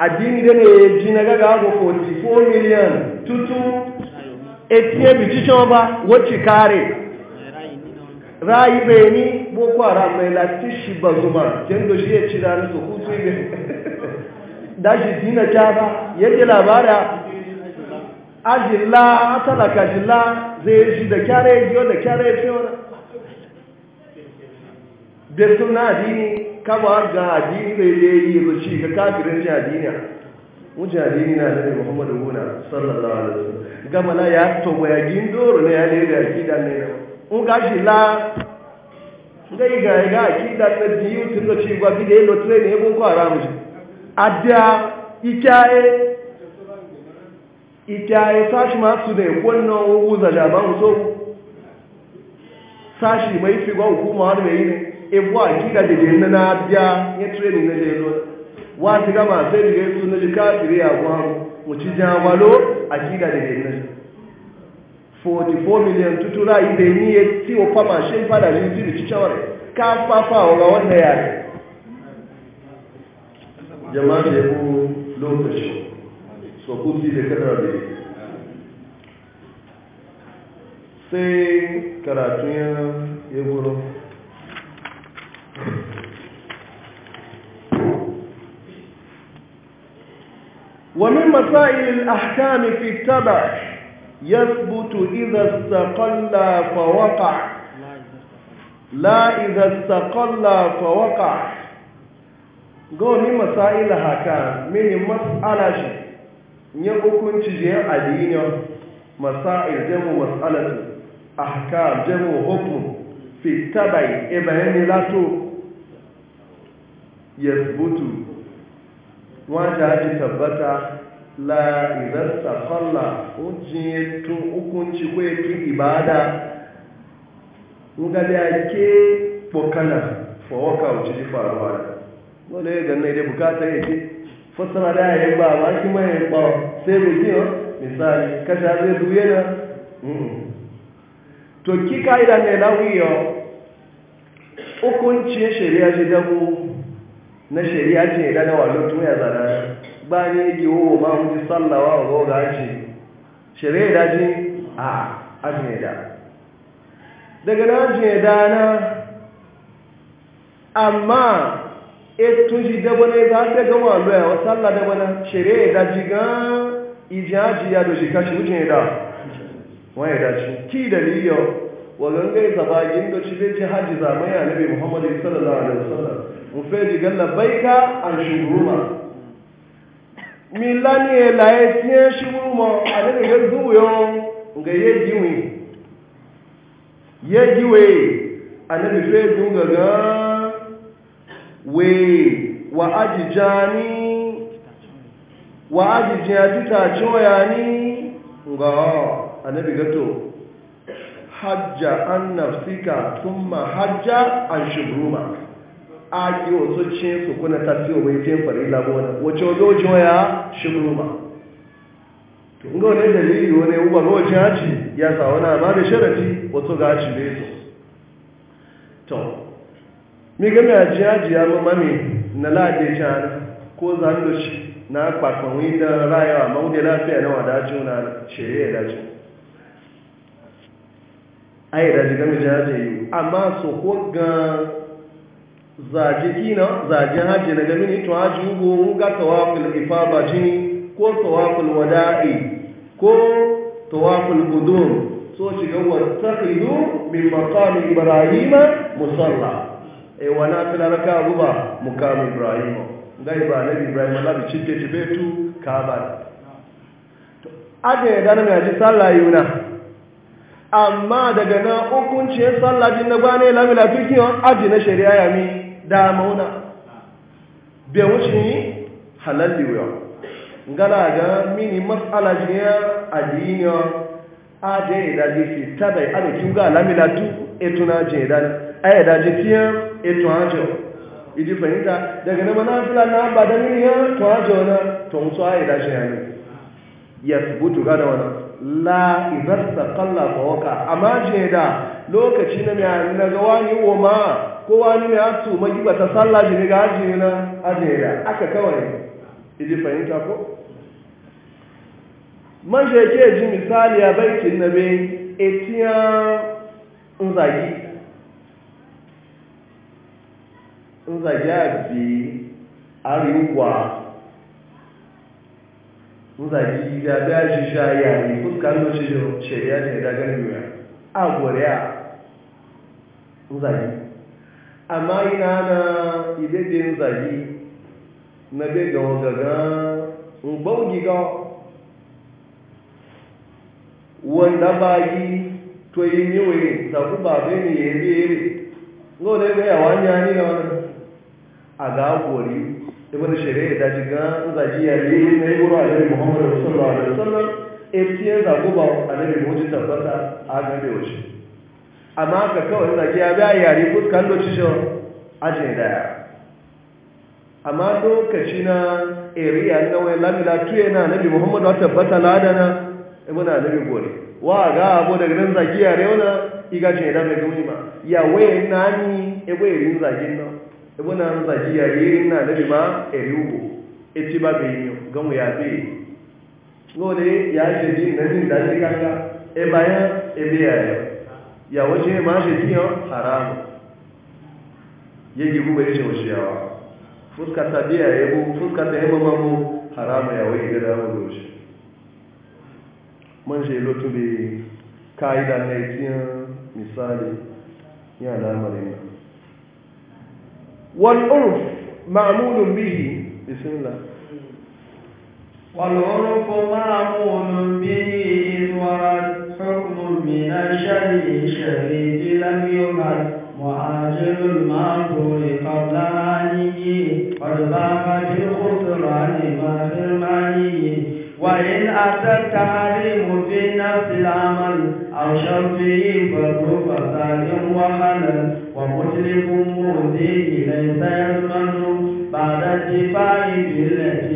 addini da ne ji na gaga ga 44 miliyan tutu etiye bi cikin ba wacce kare rayi bayani boko haram mai tishi ba zuma jen da shi ya ci da nasu hutu ne da shi dina ta ba la labara ajila talaka jila zai shi da kare yau da kyare fiye da betun na kaba ga addini da ya yi zo shi ga kafirin jadiniya mu jadini na da muhammadu guna sallallahu alaihi wasallam gama na ya to ya gindoro ne ya ne da akida ne na mu ga shi la dai ga ga akida ta biyu tun da shi gwabi da yelo train ne boko haram shi adda ikaye ikaye sashi ma su da wannan wuza da ba mu so sashi mai fi ga hukuma wani mai yi ne ebu akida da gina na biya ya training na jelo wa ti gama sai daga yasu na jika siri ya kwa mu ci jan walo akida da gina 44 million tutura ibe ni ya ti o fama shi fada shi ti ci chawara ka fafa ga wanda ya jama'a da yabo lokaci so ku ji da kadara da sai karatun ya goro ومن مسائل الأحكام في التبع يثبت إذا استقل فوقع لا إذا استقل فوقع قول مسائل الأحكام من مسألة يقول تجيه أدين مسائل جمع مسألة أحكام جمع حكم في التبع إبهن لا توقع yasbutu wanda ake tabbata la idan sakalla hujjin tun hukunci ko yake ibada nga da ke pokana fawaka wuce ji faruwa da wanda ya ganna idan bukata ya ce fasara da yayin ba ba shi mai ba sai mu ji misali kasha zai duye na to ki ka'ida ne lawiyo hukuncin shari'a shi dabu na shari'a ce ya da walo tun ya zara ba ne yake wo ma mu ji sallawa wa goga ce shari'a da ji a azne da daga na je da na amma e tun ji da bana ga ta gama walo ya sallah da na. shari'a da ji ga ijaji ya do shi kashi ya da wani da ci ki dalilin wa gangai zabagin da shi zai ji hajji zamaya nabi muhammadu sallallahu alaihi wasallam ofeji gan labaika an shuguruma milani e la e tiye shuguruma ale ke gudu yo ga ye jiwi ye jiwe ale be fe dunga ga we wa ajijani wa ajijani ta choyani nga ale be gato hajja an nafsika thumma hajja an aki wasu ce su kuna tafi wa mai fin farila bona wace wajen wajen waya shigo ba to ga wani dalili wani uba ga wajen haci ya sa wani amma da sharafi wasu ga haci da yato to mi ga mai haji haji ya mama ne na lade can ko zan na kwakwanwi da rayuwa mawude lafiya na wadacin na shirye da shi ai da jiga mai jaje amma so ko ga zaje kina zaje haji na gamini to haji ugo mun ga tawaful ifaba jini ko tawaful wada'i ko tawaful qudum so shiga wattaqidu min maqam ibrahima musalla e wana tala raka guba maqam ibrahima ngai ba nabi ibrahima la bi cike tibetu kaaba to age da na ji sallah yuna amma daga na hukunci sallah din na gane lamila mi fikiyon aji na shari'a yami dama wuna bai wuce yi halalli wuya gana ga mini matsala jiya adiniya a da e ya daji fi tabai a da kiwu ga alamila tu etu na je dan a ya daji fiye etu hajo idi fahimta daga na fila na ba da mini ya tu hajo na to musu a ya daji ya ne ya butu gada wani la idarsa kalla fawaka amma je da lokaci na mai na gawa ni wa ma kowa ne ya su magiba sallah jini ga ajiye na ajiye ya aka kawai iji fahimta ko man ke ji misali a baikin na be etiyan nzagi nzagi a bi ariwa nzagi da bi a shi sha yayi fuskar da shi shari'a ne da ganin a gore a nzagi amma ina na ibedin zagi na be ga wagaga giga wanda ba yi to yi niwe ta ku ba be ni yeri yeri ngo ne be yawa nya ni na wannan a ga gori ibn e shari'a da jiga zagi ya yi ne guru alaihi muhammad sallallahu alaihi wasallam e tiye da ku ba alaihi muhammad tabbata a ga be wuce amma haka kawai zaki ya biya yare fuskan lokaci shi daya amma lokaci na area na wai lamila tuye na nabi muhammadu wa tabbata ladana ibuna nabi gore wa ga abu daga nan zaki yare wala iga idan da mai ma ya waye nani ebo irin zaki no zaki yare irin na nabi ma eriwo eti ba be ya be ya ce nan din da ni e bayan ya waje ma shi biyan haramu ya yi guba ya ce wa shiyawa fuskar ta biya ya bu fuskar ta yamma mamu haramu ya waje gada mu da shi man shi lotu bi da na ikiyan misali ya lamarin wal urf ma'mulun bihi bismillah والعرف معمول به إذ ورد حكم من الشيء الشريف لم يرد معاجل المعقول قبل عليه قد باب في الخسران ما في المعنيه وإن أتى التعليم في نفس العمل أو شرطه فالروف فساد وخلل ومتلف مؤذيه ليس يضمن بعد الدفاع بالله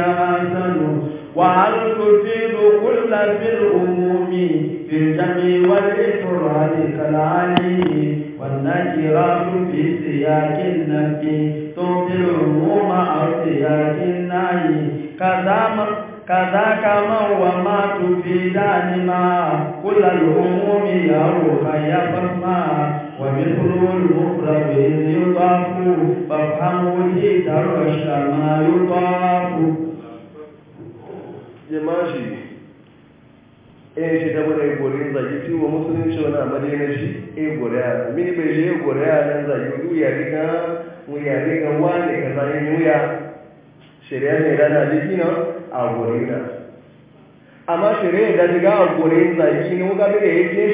أحسنوا وأن تفيد كل في الأموم في الجمع والإفراد كالعلي والنكرات في سياق النفي تؤتي العموم أو سياق النهي كذا كذاك من وما تفيدان ما كل الهموم يروح يفهما ومثل المفرد يضاف فافهمه ترشى ما يضاف jamashi um um um e shi da mana igore zagi ti wa musulunci wani amadi na shi igore a mini bai shi igore a nan zagi wuya wuya wane na jiki na a na amma shari'a da a zagi ne wuka bai ebe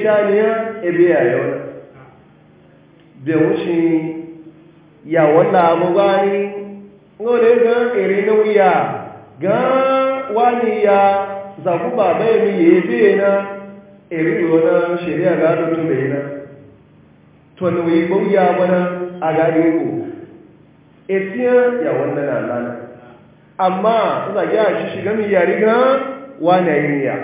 yau na wuce ya wani ya zagu baba ya yi biye na eri wani shirya ga da tun bai na to ne wai bau ya wani a gari ko etiyan ya wani na lana amma zagi a shi shiga mi yari gan wani ya yi ya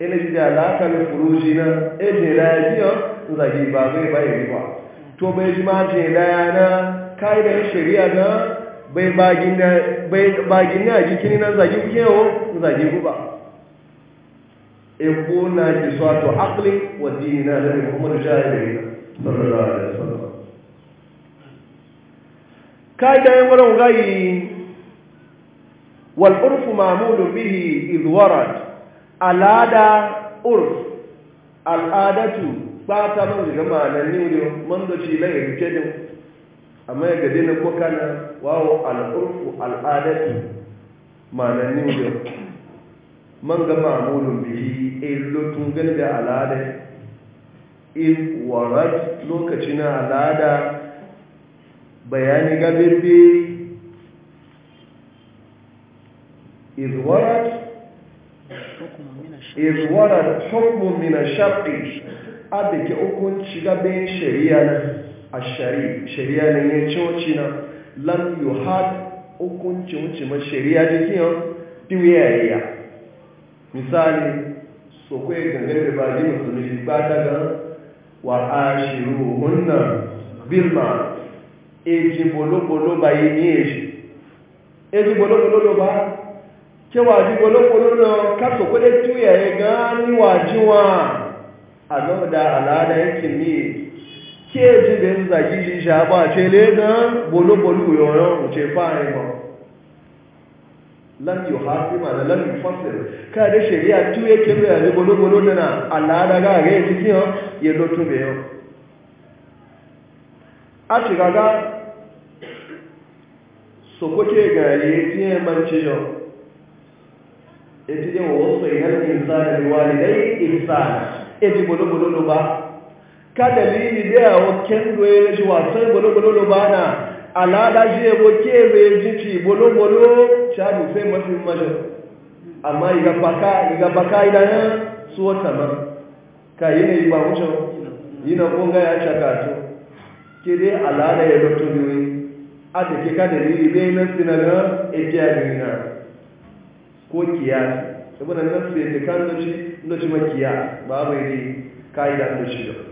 ina shi da alaka ne furuji na ejin lafiya zagi ba zai bayi ba to bai ji ma jin na kai da shirya na bai bagin da bagin ya ji kini nan zagi kuke yawon zagi guba eko na ji swato aklin wa dini na kuma muhammadu shahidai sallallahu alaihi wasallam kai da yan wurin gayi wal urfu mamulun bihi id warad alada urf al'adatu ba ta mun ga ma'anar ne mun da shi lai rike amma ya gade na kuka na wawo al'urfu al'adati mananin da man ga mamulun biyi a lotun gani da al'ada in warat lokaci na al'ada bayani gabin biyi إذ ورد إذ a da ke الشرق أبك أكون shari'a na ashari shari'a ne ya coci na lam yu had hukunci wuce ma shari'a jikin yau diwiyayya misali so kwaye gangar da ba ji musulmi ba ta ga wa ashiru hunna bilma eji bolobolo ba yi ni eji eji bolobolo lo ba kewa ji bolobolo lo ka so kwaye tuyaye ga ni jiwa a gaba da al'ada yankin kéèjì bẹ̀ ń zàgí lè ṣe àpá àṣẹlẹ̀ gan bolóbolú ìrọ̀rọ̀ òṣè fáàrin mọ̀ láti ọ̀há sí mà náà láti fọ́sẹ̀ káàdé ṣèlú àtú èké bẹ̀rẹ̀ ní bolóbolú dị na ala ti kí hàn ya ya. a ṣe gaga sokoke gàrí ya ẹ máa ń ṣe yọ ètí yẹ wọ́n sọ ìhẹ́lẹ̀ ìsáàlẹ̀ wà ka dalili da yawo kendo ya ji wasan bolo-bolo lobana alada ji yabo kebe jiki bolo-bolo ta dufe mafi majal amma iga baka iga baka idanan su wata ma ka yi na yi ba wuce yi na kunga ya shaka to ke dai alada ya lotu biyu a da ke ka dalili bai nan sinaga ejiya biyu na ko kiya saboda nan sai da kan da shi da shi makiya ba mai ka'ida da shi da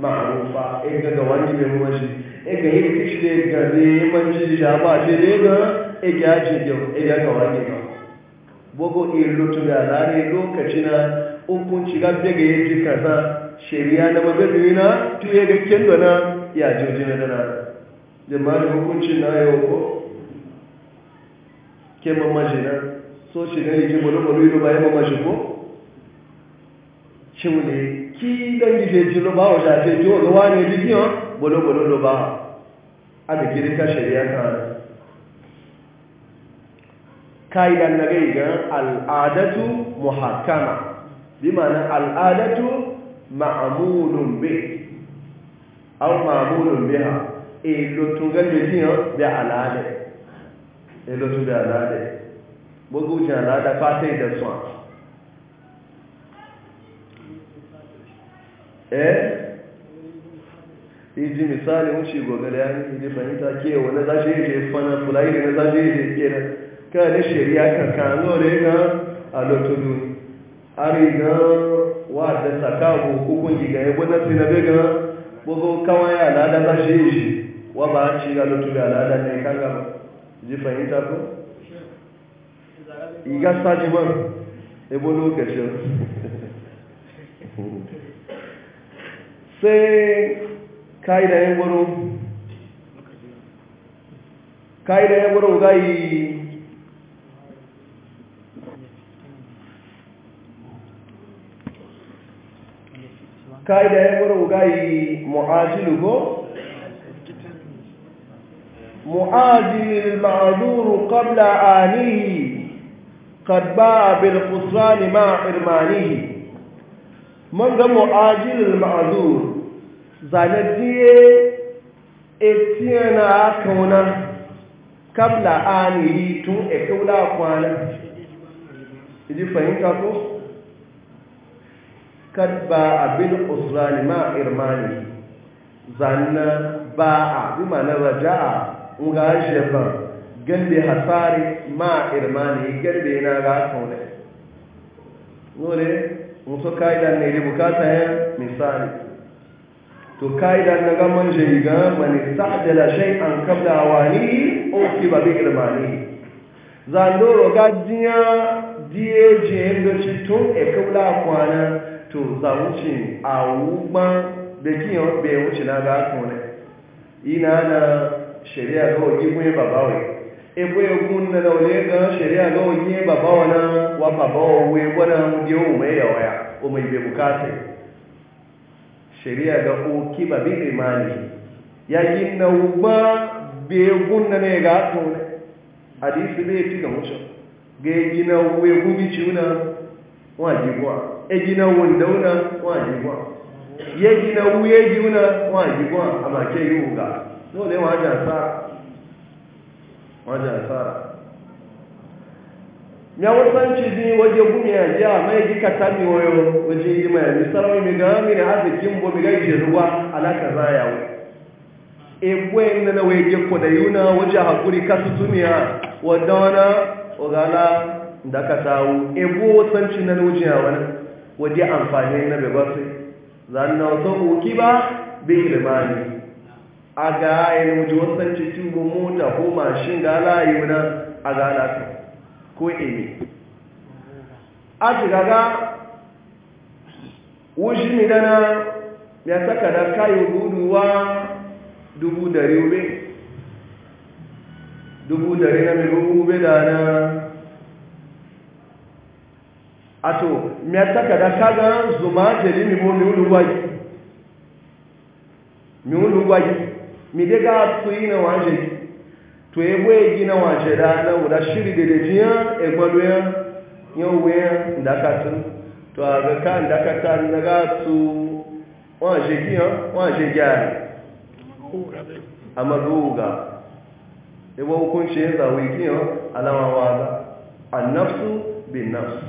ma'arufa in ga gawan jibe mashi in ga yin kishi da ga zai manci da ba ce ne ga in ga yace yau in ga gawan jibe bogo in lutu da lare lokaci na hukunci ga bega yin ji kaza shari'a na magabi na tuye ga kendo na ya joji na dana jama'a da hukuncin na yau ko ke mamaji na so shi ne yake bolo bolo yi ba ya mamaji ko cimle kí lẹ́yìn ìfẹ́ jù ló bá ọ̀ṣà àti ètò olówó ní ibi ní ọ́n gbọ́lọ́gbọ́lọ́ ló bá adìgírí káṣẹ̀rí àkàrà ká nàgẹ́ ìgán al'adatu muhakkama bí ma na al'adatu ma'amulun bí eh iji misali mun shi gobe da yanki fahimta ke wani za shi yake fana fulani ne za shi yake kera ka ne shari'a ka kano ne na a lotudu ari ga wa da sakabu hukun giga ya gwada sai na bega gogo kawai alada za shi yake wa ba ci ga lotudu alada ne kan gaba ji fahimta ko iga sajiman ebo lokacin sai ka'ida ya gwaro ka'ida ya gwaro ga yi ka'ida yi ko mu'ajilil ma'azuru qabla anihi قد باع بالخسران مع حرمانه من ذا معاجل المعذور zanadiye etiyana kauna kabla aniri tun ekaula kwana iji fahimta ko kadba abin usrani ma irmani zanna ba'a bi mana raja'a nga shefa gande hasari ma irmani gande na ga kauna nore musu kaidan ne da bukata yan misali to ka'ida na gaman shaiga mani sa'adala shay'an kabla awani ukiba bi irmani zandoro gajiya dieje ndo chitun e kabla kwana to zawuci awuba da kiyan be wuce na ga kone ina na shari'a ga ogi mun baba ogun na ole ga shari'a ga ogi baba wana wa baba we bona o me ya wa o me be bukate shari'a ga oki ba bi rimani yayi na uba be gunna ne ga to ne hadisi be ti ga mucho ge gina uwe gugi ciuna waji kwa e gina wanda una waji kwa ye gina uye giuna waji ama ke yuga dole waje sa waje sa miawosanci bi waje gumi ya ji a mai gika ta mi wayo waje yi mai mi sarari mi ga mi na arzikin bo mi ga ije ruwa alaka za ya wu egwe na na waje ge da yuna waje hakuri ka su tumiya wadda wana ogala da ka tawo egwe wasanci na waje ya wani waje amfani na bai gwasi zan na wasu uki ba bi ilmani a ga yi e waje wasanci tubo mota ko mashin da ala yi wuna a ga ta. ko emi a ti gaga wushi mi dana ya saka da kayi guduwa dubu dari ube dubu dari na mai gugu ube da na ato mi saka da kaga zuma jeli mi bo mi mi uluwayi mi dega su yi na wajen to gị na wace rana guda shiri da da jiya egbalu ya yau waya da aka tun to a ga kan da aka tari na ga su wace giyan wace gyara a mazuga ebe hukunci ya zawo giyan alama waza annafsu bin nafsu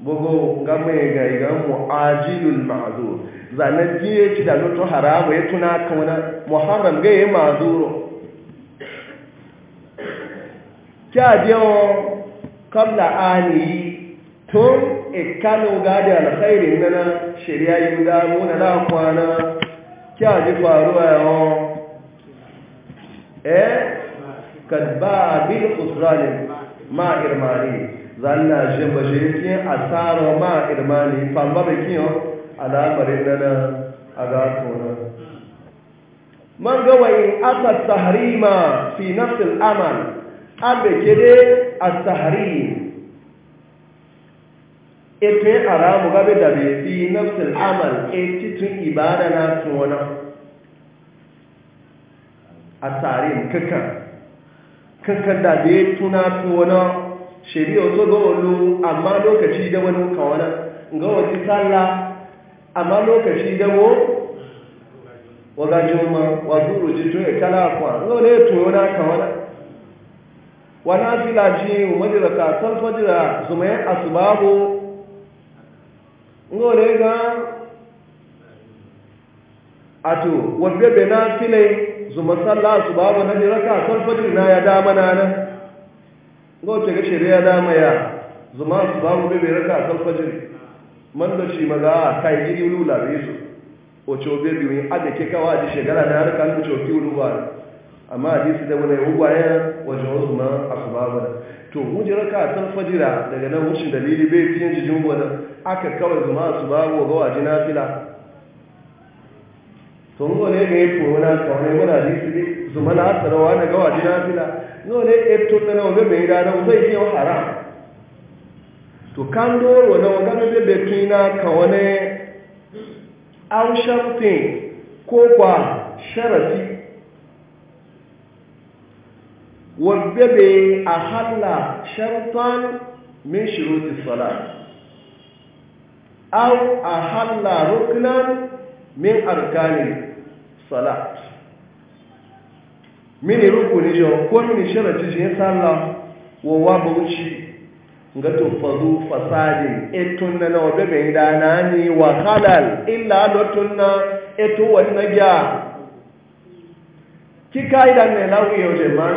bugu gama ya gaiga mu'ajilul ma'azur zanen jiye ci da lutu haramu ya tuna kauna muharram ga ya ma'azuru kya jewo kabla ani tun ikalo gadi alkhairi na shari'a yi da muna na kwana kya ji faruwa yawo eh kad ba bil khusran ma irmani zanna jin bashirin asaro ma irmani famba bikiyo alamarin nana a gakona man gawayin aka tahrima fi nafsil amal abe kede asahari efe aramu gabe da bebi nafsul amal e titun ibada na tsari asahari kankan kankan da bai tuna tona shari'a wato ga wallo amma lokaci da wani kawana ga wasu sallah amma lokaci da wo waga ma wa zuru jitu e kala kwa ya tona kawana wana fila ji umarira katon su zumayen asubabu ngole ga ato wadda bai na file zuma tsalla asubabu na jira katon fajira na ya dama na nan ngole ga shirya dama ya zuma asubabu bai bai raka katon fajira man da shi maza a kai iri lula rezo ocho bai biyu adake kawa ji shekara na harkar ocho kiwu lula amma hadisi da wani hugwayen wajen wasu ma a su babu da to hujjar ka san fajira daga nan wucin dalili bai fiye jijin gwada aka kawai zuma su babu ga waje na fila to ngo ne ga yake wani kawai wani hadisi ne zuma na asarawa na ga waje na fila ngo ne ya to tsana wa bai da nan zai yi haram to kan doro na wani gami bai bai na kawai ne au sharfin ko kwa sharafi وبيبي أحلى شرطا من شروط الصلاة أو أحلى ركنا من أركان الصلاة من ركن جو كل شرط جين صلاة ووابوشي nga to fazu fasadin na na wabe mai dana ne wa halal illa lotun na eto na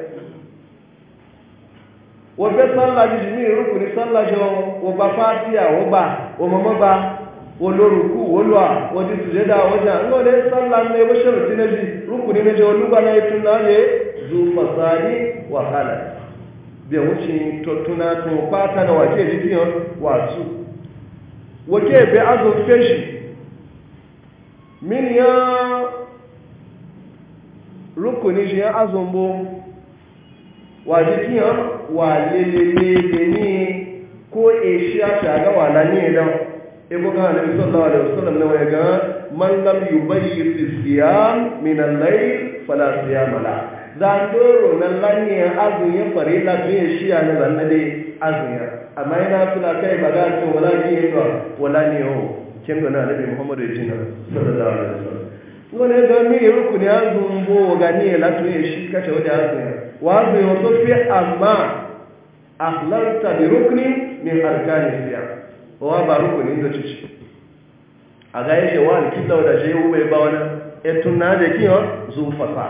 wọ́n gbé sọ́nlá jù ní ìrúkù ní sọ́nlá jọ wọ́n bá fáàtíà wọ́n bá wọ́n mọ́mọ́ bá wọ́n lórúkú wọ́n lọ́à wọ́n ti sùjẹ́dà wọ́n jà ń lọ́lẹ́ sọ́nlá ní ewé ṣẹ̀rù sí méjì rúkù ní méjì olúgbàna ètò náà yẹ zu fasani wàhálà bí ẹ̀wọ́n ṣe tuntun náà pátá náà fihàn wà tù azọ fẹ́ṣì mí wàjú kí ko wà lélelele ní kó èṣí àṣàgá wà láyé ẹ̀dá ebokan alaihi sallallahu alaihi wasallam na waya gan man lam yubayyi fi min al-layl fala siyam la zan na ya fare la bi shi na zan dade azun ya amma ina suna kai baga wala ji ya wala muhammadu ho kin ga na nabi muhammadu sallallahu alaihi wasallam da mi rukuni azun bo ga ne la to shi wada wàá gbìyànjú tó fi àmà àkùlárùtà bí rúkìní ní àrùkánì ìfìyà wàá bá rúkìní da òṣìṣì àgá yẹ́ ṣe wà ní kí lọ́wọ́ yi owó ẹgbà wọn ẹ̀tún náà jẹ́ kí hàn zoom fàfà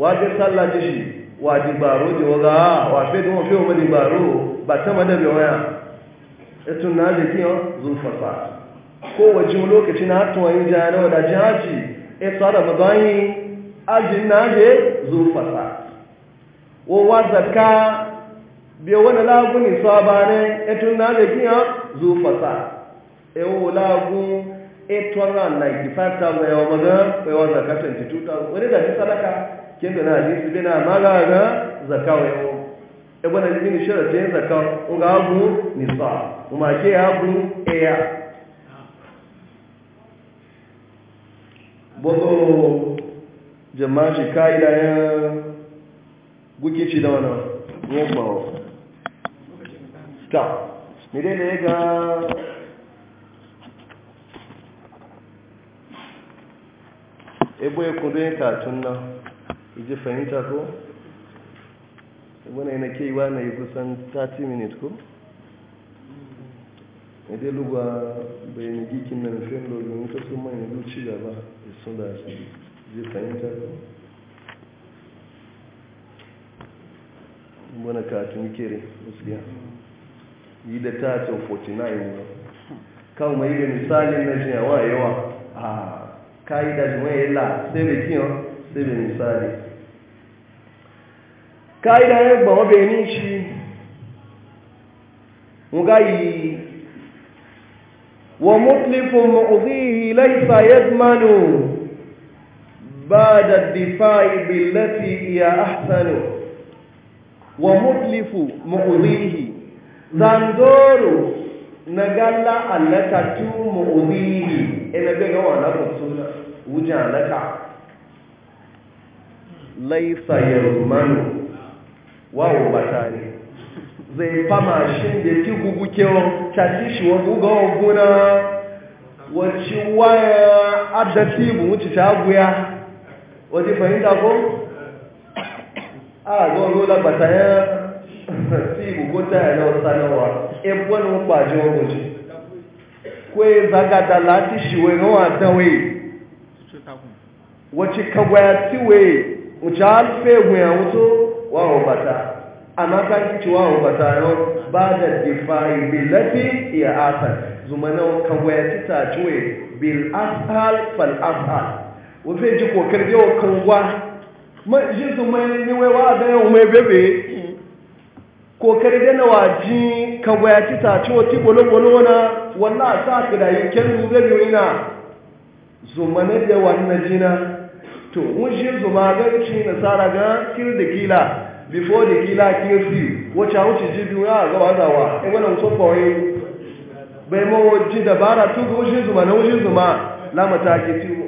wàá jẹ́ sálà jíṣì wa di gbàrú di wọ́gá wàá fẹ́ dùn fẹ́ òun di gbàrú bàtẹ́ mọ́ dẹ̀bi wọn yà ẹ̀tún náà jẹ́ kí hàn zoom fàfà kowace lokaci na hatuwa yin jana wadajen haji E tsara mabayin ajin na je zurfasa wawa zaka biya wani lagun isa ba ne etun na je kiya zurfasa ewu lagun 895,000 yawa maga wa zaka 22,000 e e wani e da ji sadaka kin da na ji su bina maga ga zaka yawa ebe na jini shirin zaka ga abu nisa kuma ke abu eya ah. bogo jama'ashi ka'ida ya guke ce da wani yamma ta ne dai ne ga ebe kudu ya katun nan iji fahimta ko ebo na kewa na yi kusan 30 minutes ko ne dai lugwa bayan gikin nan fiye da wani kasu manyan luci gaba da sun da su zai fahimta mana katin kere musulya yi da ta ce 49 kawo mai ga misalin na shi yawa a kayi da jima'i la sai bai kiyon sai bai misali ka'ida ya ya gbama benin shi muga yi wa mutlifin ma'uzihi laifa yadmanu ba'da difa'i billati ya ahsanu wa mutlifu mu'udihi. Zanzoro nagalla allata tu mu'dhihi ina ga ga wala ko suna wuja allata laysa yarman wa zai fama shi da ki gugguke shi wa guga wa guna waya adatibu wuce ta guya wajen fahimta ko a zuwa rola ba ta yi tibu ko ta yi na sanarwa ebuwan kwaje wagoji kwe zagada lati shiwe rawa dawe wace kagwaya tiwe wuce alfe gwiya wuto wa rubata wa yau ba iya zuma na bil ashal fal ashal zai ji kokar yau kan gwa ma ji su mai ni wai wa da yau mai bebe Kokar da na ji ka gwaya ci ta ci wati bolo bolo na wallahi sa ka da yi ken zube yau ina zumane da wannan jina to mun shi zuma ga ci nasara ga kir da kila before the kila kir si a wuce ji biyu ya ga wazawa in e wannan so kawai bai mawo ji dabara tu ga wuce zuma na wuce zuma la mataki ti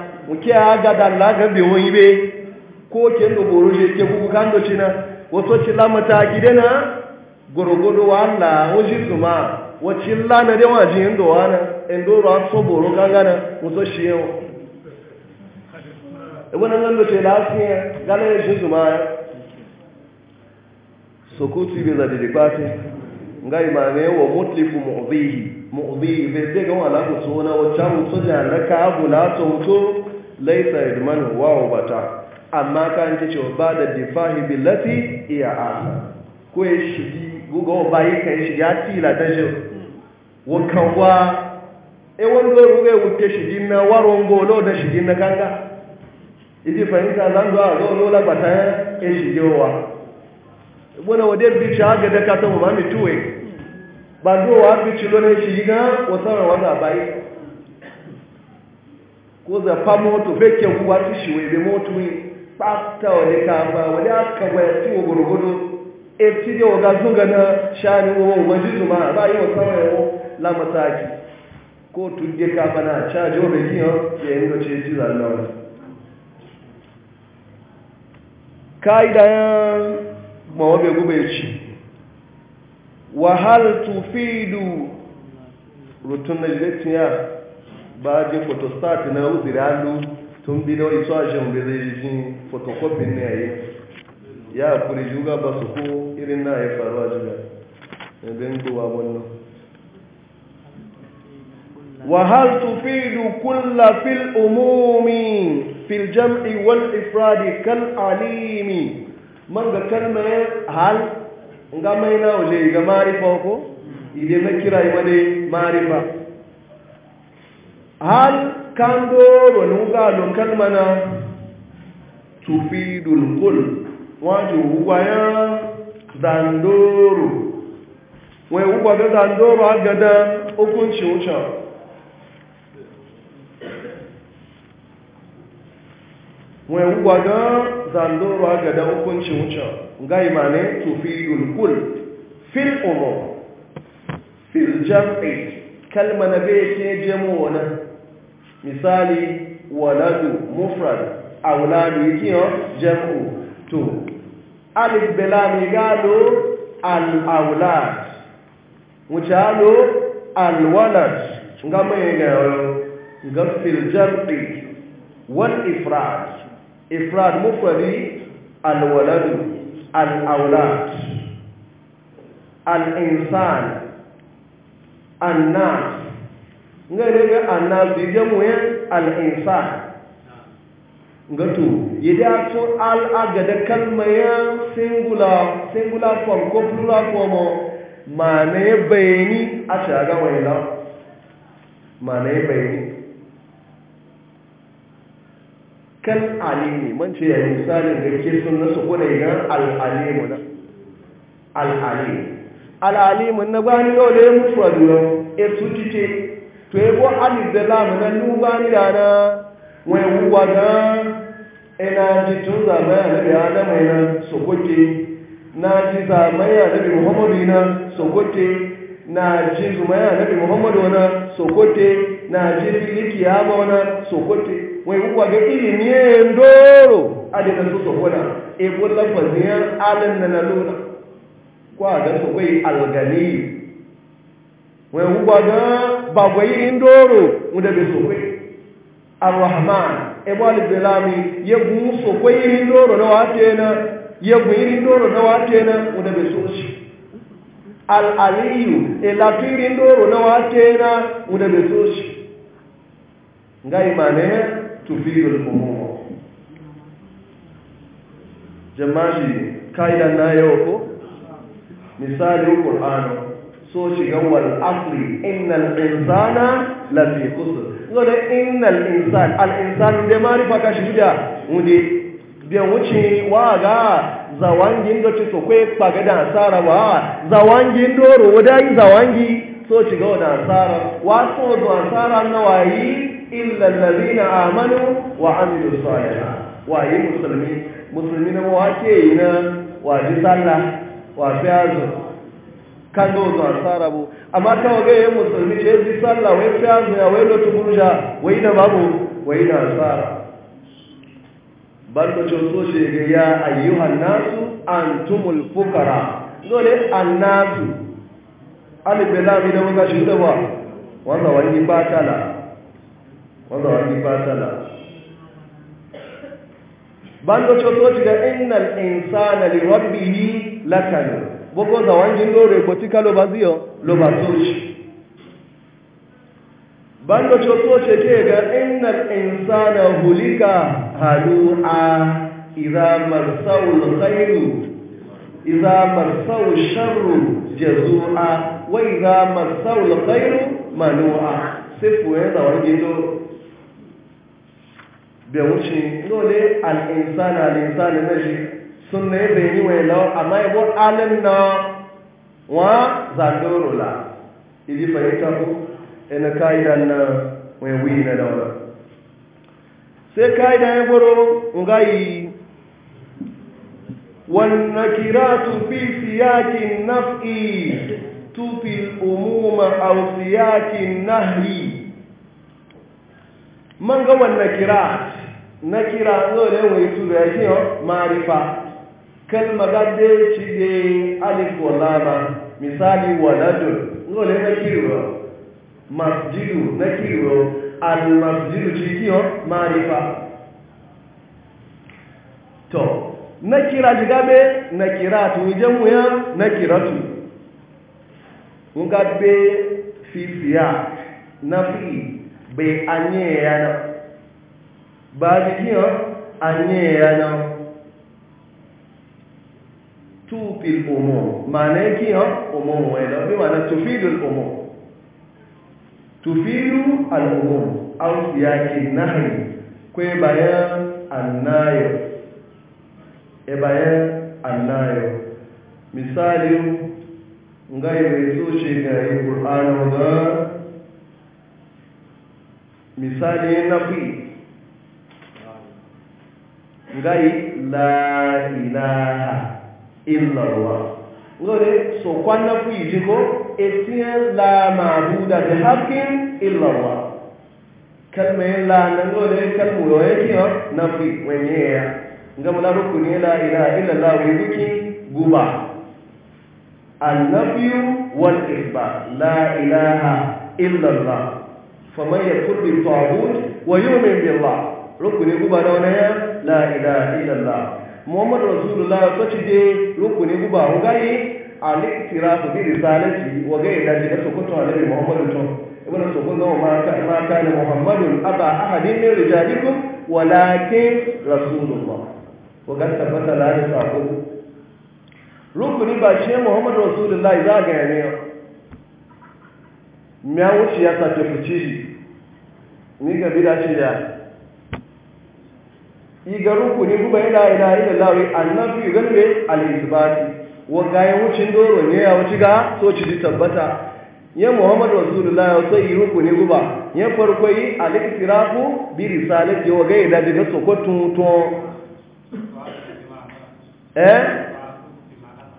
muke aga da laga be wani be ko ke ndo boro je ke ku kan do china wato ci la mata gidana gorogodo wala oji zuma wace la na de waji ndo wana endo ro so boro kangana wato shiyo e wona nan do ce la asiya gale je zuma sokuti be za de kwate ngai mane wa mutlifu mu'dhihi mu'dhihi be de ga wala ko so na wacce mu so da raka abu la to to laisa yadman wa bata amma ka an cewa ba da difahi billati iya asa ko ya shigi guga ba bayi ka shi ya tila ta shi wakan e wani zai guga ya wuce shigi na waron golo da shigi na kanga idi fahimta zan zuwa zo lola bata ya e shigi wa wani wade bi shi haka da ka samu mami tuwe ba zuwa fi ci lona shigi na wasan wanda bayi ko zafa moto fake kuwa shi wai be moto ne tsafta wani kafa wani aka gwaya ciwo gurgudu eti da waga zuga na shani wa wani zuma ba yi wa sama yawo lamataki ko tudde kafa na caji wa bai yiyan ya yi noce ji zalla wani ka'ida yan mawa bai gube ci wahal tufidu rutun na ya. ba je photostat na uziralu tun bi da wasu ajiyar da zai ne a yi ya kuri juga ba su ko irin na ya a juga ɗin kowa wannan وهل تفيد كل في الأموم في الجمع والإفراد كالعليم من كلمة هل نغمينا ولي غماري فوقو إذا ما كراي ولي معرفة hal kando nuga lo kalmana tufidul kul waje waya zandoro wai ugwa ga zandoro agada hukunci wuce wai ugwa ga zandoro agada hukunci wuce ga imane tufidul kul fil umur fil jam'i kalmana bai ke jemo wannan misali waladu mufrad auladu ikiyo jam'u to alif belami galo al aulad mutalo al walad ngama yengalo ngafil jam'i wal ifrad ifrad mufradi al waladu al aulad al insan an nas nga ne ga annabi jamu ya al-insan nga to yede ato al aga da kalma ya singular singular form ko plural form ma ne bayani a shaga mai la ma ne bayani kal alimi man ce ya misalin da ke na su kuna idan al-alimu na al alimi al-alimu na gani dole ya mutu a duniya ya tuti to ebo alif na lugani da na wai wuwa na ina ji tun zamani annabi adam ina na ji zamani annabi muhammadu ina sokote na ji zumani annabi muhammadu na sokote na ji filiki yaba sokote sokoke wai wuwa ga ndoro adina su sokona ebo lafazin alin na na luna kwa da sokwai algani wai wuwa bagwayi indoro muda be sokwe arrahman ebo alibelami ya sokwe iri indoro na watena ya iri indoro na watena muda be sochi al'aliyu elatu iri indoro na watena muda be sochi ngai mane tufidul umur jamashi kaidan na yau ko misali qur'ani so shigan wal asli innal insana la fi khusr no da innal insan al insan de mari faka shi da wunde de wuce wa ga zawangin da ci to kwe paga da asara wa zawangin doro wadai zawangi so shiga wa asara wa so do asara na wayi illa alladhina amanu wa amilu Wa yi musulmi musulmi na ke yi na wa ji sallah wa fi azum Kando do zuwa tsara bu amma kawai ga yayin musulmi da yaji sallah wai fiya zuwa wai lotu burja wai da babu wai da tsara barka ce so shi ga ya ayyuhan nasu antumul fuqara dole annasu alibe la mi da muka shi da ba wanda wani batala wanda wani batala bando ce so shi ga innal insana li rabbihi lakanu gbogbo zawangi lóore gbòtíká ló bá zíyọ ló bá mm. bando tó tóòṣì ké ga inna insana hulika halu'a idza marsahu alkhairu idza marsahu a jazu'a wa idza marsahu alkhairu da wuce dole sunna ya e bai yi wai lau amma ya e alim na wa la idi fahimta ko ina kaidan na wai na daura sai kaida e ya boro ngai والنكرات في سياق النفع تفي الأموم أو سياق النهي من قوى النكرات نكرة نقول يوم يتوب يا شيخ معرفة kalma gadde ci de alif wala ba misali waladun ngo le nakiro masjidu nakiro al masjidu ci kiyo marifa to nakira jigabe nakiratu ijamu ya nakiratu ngabe fifiya nafi be anye yana ba jikiyo anye na. tufi al'umum ma'ana yake yan umum wai da bi ma'ana tufidu al'umum tufidu al'umum an yakin e bayan annayo misali ngai mai so ga yi ga misali e na fi ngai la ilaha illallah ngore so kwanna ku yiko etie la maabuda bi haqqin illallah kalma la ngore kalmu yo yake na fi wenye ngam la rukuni la ilaha illallah wiki guba النفي والإثبات لا إله إلا الله فمن يكفر بالطاغوت ويؤمن بالله ركن يقول لا إله إلا الله muhammadu rasulullah to ci de rukuni guba o gayi al-iktirafu bi risalati wa gayi da ji su kuntu alabi muhammadu to ibn sokon ga ma ka ma ka ne muhammadu aba ahadin min rijalikum walakin rasulullah wa ga tabbata la ni sako rukuni ba ce muhammadu rasulullah za ga ne miya wuce ya ta tafi ci ni ga bidaci da igaru ku ne kuma yana yana da lawi annabi yugan al-isbati wa ya wucin doro ne ya wuci ga so ci ji tabbata ya muhammadu rasulullahi wa sai ruku ne guba ya farko yi al-iktirafu bi risalati wa gayan da sokotun to eh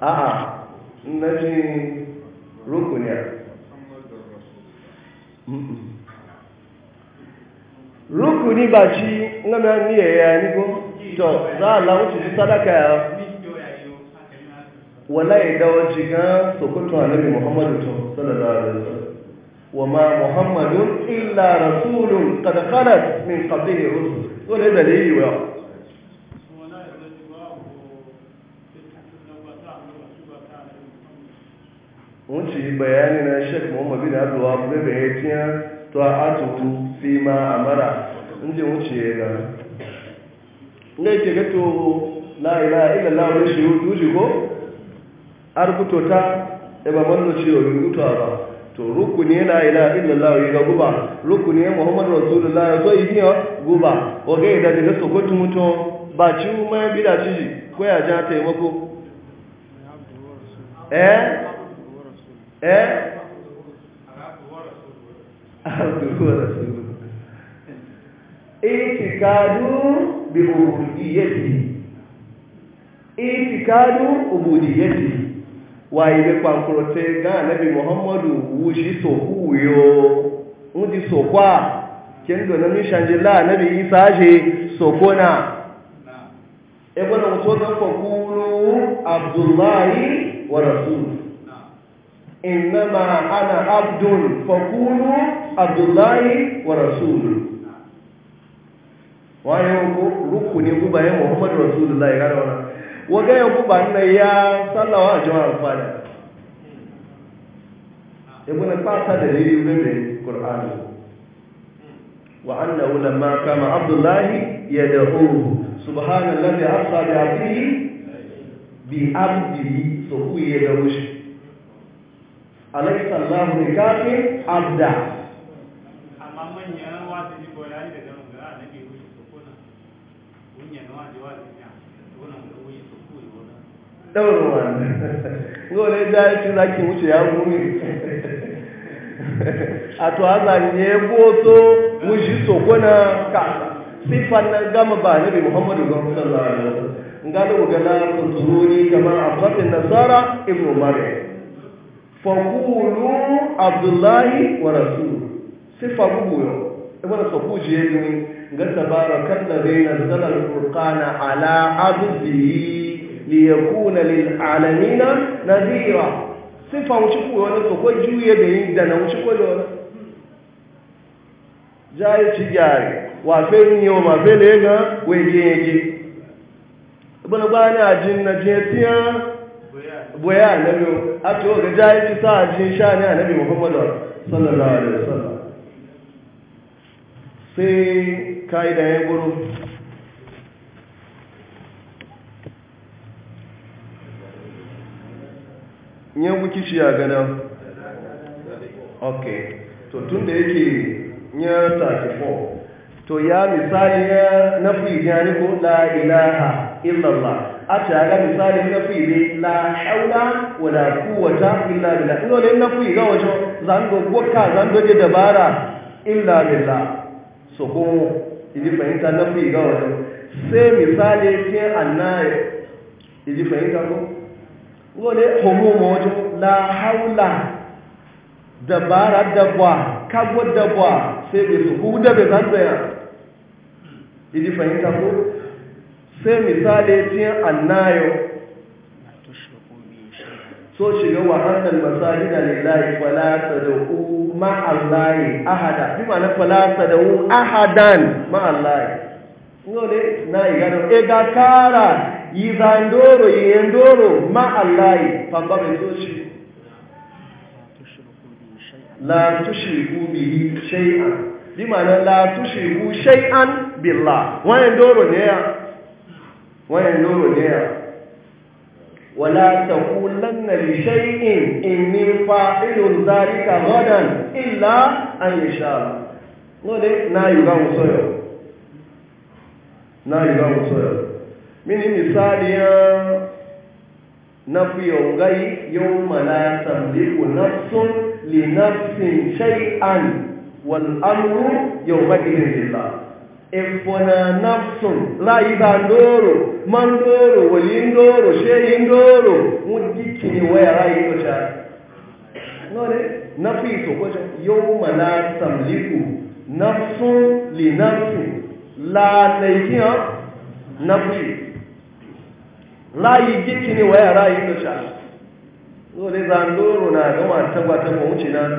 a a ruku rukuni ba shi ngana ni ya ni ko to za Allah wuce sadaka ya wallahi da wace ga sokoto annabi Muhammad sallallahu alaihi wasallam wa ma Muhammadun illa rasulun qad khalat min qablihi rusul wala dalili wa wuce bayani na Sheikh Muhammad bin Abdul Wahab bai ta'atuhu fi ma amara inji wuce na ne ke ga to la ilaha illallah wa shuhudu ji ko arguto ta e ba ci o ta ba to rukuni la ilaha illallah ga guba rukuni muhammad rasulullah to yi ya guba oge ga da daga sokoto muto ba ci mai bida ci ko ya ja taimako eh eh abduhu wa rasuluhu itikadu bi ubudiyyati itikadu ubudiyyati wa muhammadu wushi soku yo sokwa kendo na mishanje la nabi isa je sokona Ebe na kwa kulu abdullahi innama ana abdun fakunu abdullahi wa rasulu wayan ruku ne guba ya muhammadu rasulullahi gara wana waga ya guba na ya sallawa a jama'ar fada ibu na fata da yi bebe ƙur'ani wa annahu lamma kama abdullahi ya da'uhu subhanallahi asra bi abdihi bi abdi so ku ya da alaisa Allahu kafin abda amma manyan ko da sokona ya wannan da wuce ya a to wuce sokona ka sifan nan gama ba annabi Muhammadu sallallahu alaihi wasallam ngalo ga la kunzuni nasara fakulu abdullahi wa rasulu sifa gugu yau ibada sabu je ne ga tabara kan da na nazzala alqur'ana ala abdihi li yakuna lil alamin nadira sifa wuci ku wani to ko juye da yin da na wuce ko da wani jaye ci gyare wa fe ni o ma fe le ga we je je ibada ba a jin na je tiya boya annabi a to ga jahilci sa a jin sha ne annabi muhammadu sallallahu alaihi wasallam sai kaida ya guru yan kuki shi a gana ok to tun da yake ya tafi to ya misali ya nafi gani ko la ilaha illallah a tare misali na fi la haula wala quwwata illa billah le na fi ga wajo zango goka zango je dabara illa billah so ko idi fahimta na fi ga wajo sai misali ke annai idi fahimta ko dole homo mojo la haula dabara dabwa kago dabwa sai bi su ku da be zanzo ya idi fahimta ko sai misali cin annayo so shiga wa hannun masajida lillahi falata da ku ma'allahi ahada fi ma na falata da ku ahadan ma'allahi no ne na yi gano e eh, ga kara yi zandoro yi yandoro ma'allahi famba mai so shi la tushriku bihi shay'an bi ma na la tushriku shay'an billah wa yandoro ne ya wannan nuru ne ya? wala taqulanna li shay'in inni fa'ilu dhalika ghadan illa an yasha no de na yuga musoyo na yuga musoyo mini misali ya nafi yongai yau la tamliku nafsun li nafsin shay'an wal amru yawma idhin lillah efona nafsun rai ba ndoro man ndoro wali ndoro sheyi ndoro mujikini waya rai ko cha nore nafi so ko yawma la samliku nafsun li nafsin la taikiya nafi layi jikini waya rai ko cha za ndoro na gama tabbata ko wuce na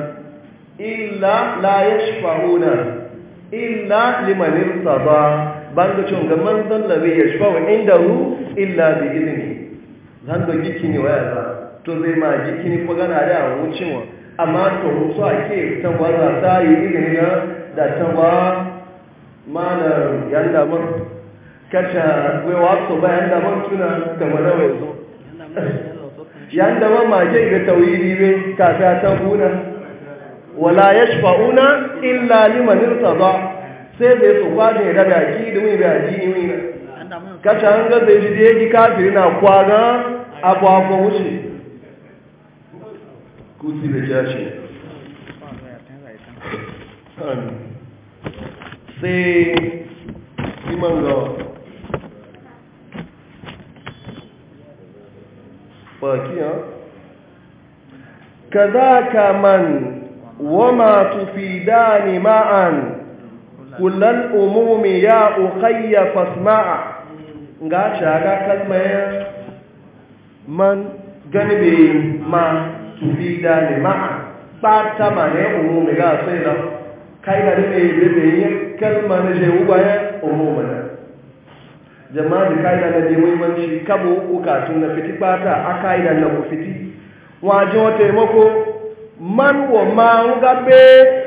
illa la yashfa'una illa limanin tsaba ban da cin gaman zallabe ya shafa wa inda hu illa bi izini zan da giki ne waya za to zai ma giki ne fagana da a wucewa amma to rusu a ke tanwa za ta yi izini na da tanwa malar yan damar kasha wewa su ba yan damar tuna kamar na wai zo yan damar ma ke ga tauyi ne kafin ta bunan wala ya yashfa'una illa liman irtada sai da su kwaje da baki da mai baki ne mai kace an ga zai je ji kafiri na kwaga abu abu wuce kuti da jashi sai liman ga baki ha كذاك من وما تفيدان معا كل الأموم يا أخي فاسمع غاشا غا كلمة من جنبي ما تفيدان معا باتا ما هي أموم غا سيدا كاي غا نبي بيبي كلمة نجي وبايا أمومنا jama'a da ka'ida na da muhimmanci kabo uku tun na fiti bata a ka'ida na ku fiti wajen taimako man wa ma nga be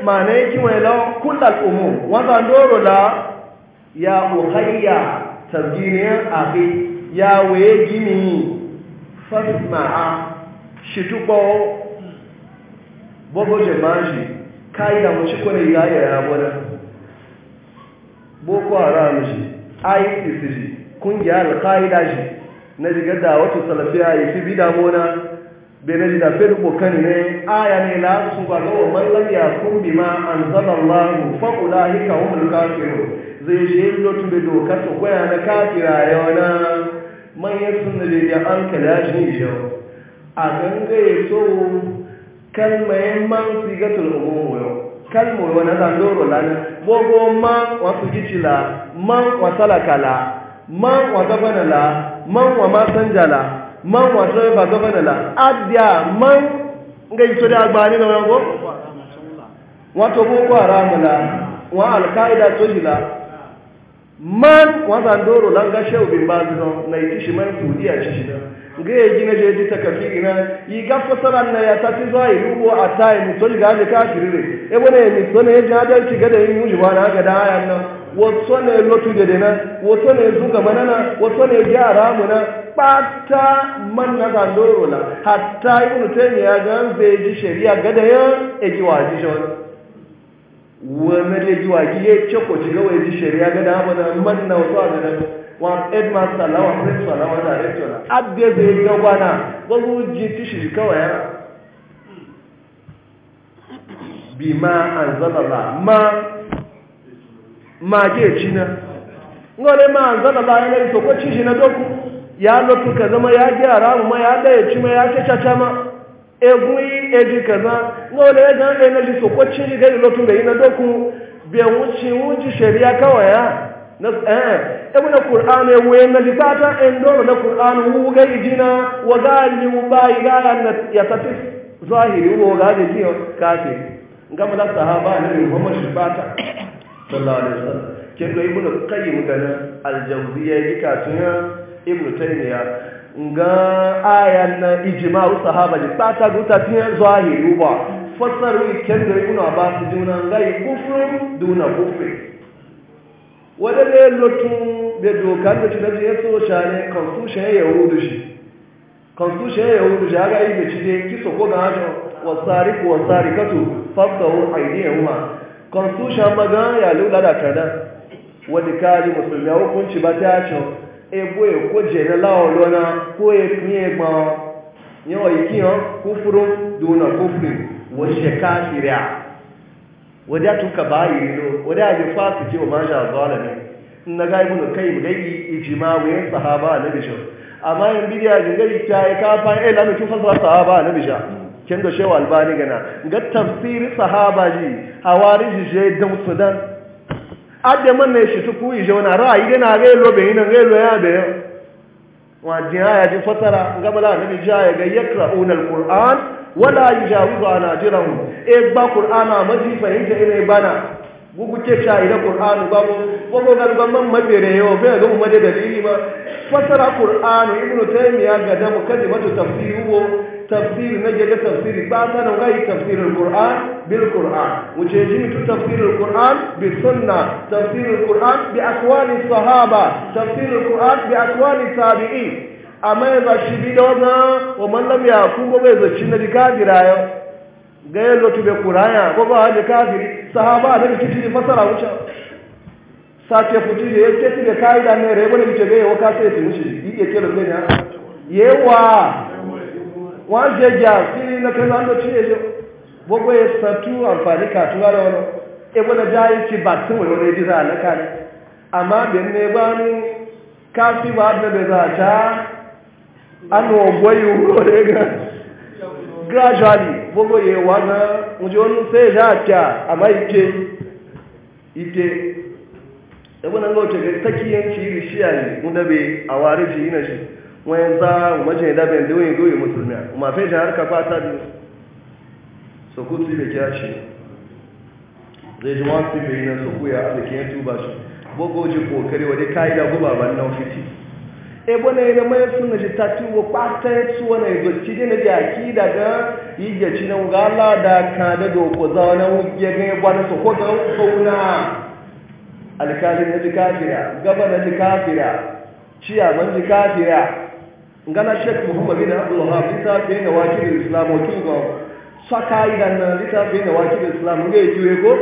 ma ne ki mai kullal umu wanda ndoro la ya uhayya tabjinin akhi ya waye gini fasma'a shituko bobo je manji kai da mushi kore ya ya bona boko haram shi ISIS shi kungiyar al-Qaida shi na jigar da wata salafiya yi fi da mona benin da firko kan ne aya ne la su ba ga wannan ya kun bi ma an zaba Allah fa ulahi ka humul kafirun zai je lotu be doka to koya na kafira yana man ya sunna da ya an kala shi yau a ganga ya so kalmayin man sigatul mu yau kalmo wani zandoro lani gbogbo man wasu gicila man talakala man wa gabanala man wa masanjala man wato ba gaba la adya man ga ito da agbani na wani wato boko haram la wa alkaida to jila man wata ndoro lan ga shehu bin bazu na yi shi yi na ya ta ti zo yi rubo a tayi mu e to ne ya da yin yuji ba na ga wato ne lotu da nan wato ne zuga manana wato ne gyara muna na bata man na zandoro na hatta yi ibn ya ga zai ji shari'a gada ya eji waji shawar wannan da ji waji ya ce ko ci gawa ji shari'a gada da na man na wato da nan wa headmaster la wa principal la wa director la abbe zai gaba na wazo ji tishi kawai an bima ba ma mage ci na ngole ma an zana ba ne to ko ci na doku ya lotu ka zama ya gyara ma ya da ya ma ya ce caca ma e gui e ji kaza ngole ya zan ne ji to ko ci ga lotu da ina doku be wuci wuci shari'a kawai ya na eh e mun qur'an ya waye na litata en dole na qur'an wu ga jina wa zalim ba ya ya tafi zahiri wo ga ji kafir ngama da sahaba ne Muhammad shibata sallallahu alaihi wasallam ibnu qayyim al-jawziyya ibnu taymiya nga ayan na ijma'u sahaba ji tata guta zahiru ba fasaru ken da ibnu abbas juna ngai duna wada ne lotu be da ya so shane constitution ya yahudu shi constitution ya yahudu shi kiso ko ga wasariku wasarikatu aidiyahuma constitution maga ya lula da kana wani kari musulmi hukunci ba ta cin ebo ya e ko jere lawolo na ko e e ya kunye ma yawa yi kiyan kufurin duna kufurin wace kafiriya wadda tuka bayi lo wadda ya fasu ce wa maja zalami na ga ibn kai Kin da shewa albani gana ga tafsiri sahaba ji ji je dan sudan adde man ne shi tuku ije wana ra'ayi gana ga lo be ina ga lo ya be wa jiya ya ji fasara ga bala nabi jaya ga Unal alquran wala yujawizu jiran e ba qur'ana maji fahimta ina e bana guguce cha ila qur'anu babu ko, ga man mabere yo be ga umma da dalili ma fasara qur'anu ibnu taymiya ga da mukaddimatu tafsiru tafsir na gaga tafsiri ba ta nan gai tafsirin Qur'an bil Qur'an wuce ji mutu tafsirin Qur'an bi sunna tafsirin Qur'an bi aqwali sahaba tafsirin Qur'an bi aqwali tabi'in amma ya ba shi bi da wannan wa man lam yakum ba bai zaci na di kafira yau ga ya lotu be Qur'an ko ba da kafiri sahaba da kici di fasara wuce sace fuji da yake da kaida ne rebo ne ke ga yau ka sai su wuce yake kira ne ya yawa wọ́n jẹ na àfírí lọ́kẹ́ náà ló tún èlò gbogbo ẹ̀sán tú àǹfààní kàtún lára ọ̀nà ẹgbọ́n ẹja ti bà tí wọ́n lórí ẹdí sáà lẹ́ka ni àmọ́ àbẹ̀mí ẹgbẹ́ ní káfí wà bẹ̀bẹ̀ sàṣà ánú ọ̀gbọ́ yìí wúlò rẹ̀ gradually gbogbo yẹ wà náà ǹjẹ́ ó ń fẹ́ ẹ̀dá àti àmọ́ ìdè ìdè wani za wajen da bai doyin goyi musulmi kuma fai da harka fata zai ji ya ya tuba da guba ban e bana mai suna shi ta tuba kwata ya tuwa na yanzu ci dina daga yi ya gala da ka da doko za wani wuge ga ya gwada so ko da kauna alkalin na ji kafira gaba na ji kafira ciyaman ji kafira ngana shek muhammad bin abdul wahab litafi na wakil islam wakil ga saka idan uh, na litafi na wakil islam ga jiwe ko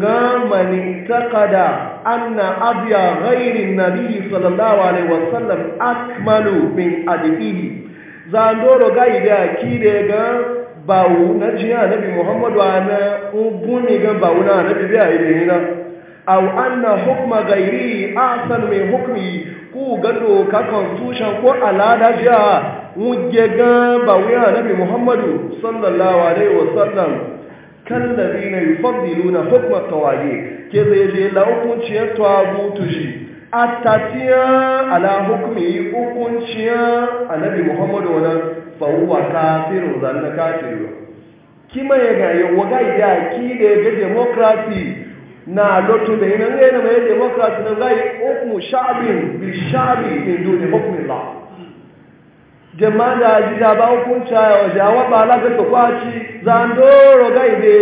nga man taqada anna abiya ghairi nabi sallallahu alaihi wasallam akmalu min adibihi zandoro ga ibe kide ga bawu na jiya nabi muhammad wa na ubuni ga bawu na nabi bi ayi na aw anna hukma ghairi ahsan min hukmi ku gado doka constitution ko alada jiya wuje ga ba wuya nabi muhammadu sallallahu alaihi wasallam kan ladina yufaddiluna hukma tawagi ke zai je la hukunciyar tawagutu shi atatiya ala hukmi hukunciya annabi muhammadu wa fa huwa kafirun zalika kafirun kima ya ga yawa ga ya ki da democracy na lotu da yana ne mai demokrasi na gai hukumu sha'abin bi sha'abi min duni hukumin la jama'a da ji da ba hukunta ya waje a waba alaƙa ta kwaci zandoro gai da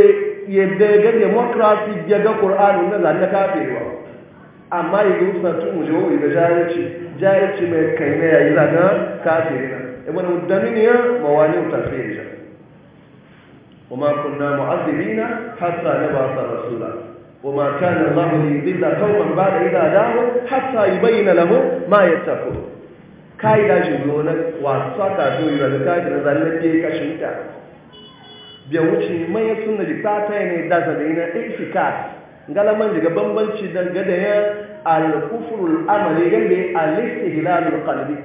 yadda ga demokrasi ya ga ƙur'anu na zanda kafewa amma yi ga usna tun muje wani da jayarci jayarci mai kai na yayi zaga kafewa ibn mudaminiyar mawani tafiyar jama'a وما كنا معذبين حتى نبعث رسولا وما كان الله ليضل قوما بعد إذا yi حتى يبين لهم ما يتقون kaida jimlona wasu ta to yi da kaji na zanen ke kashin ta biya wuce mai ya suna da ne da sa da yana ifikas galaman daga bambanci dangane ya al-kufrul amali gande al-istihlalul qalbi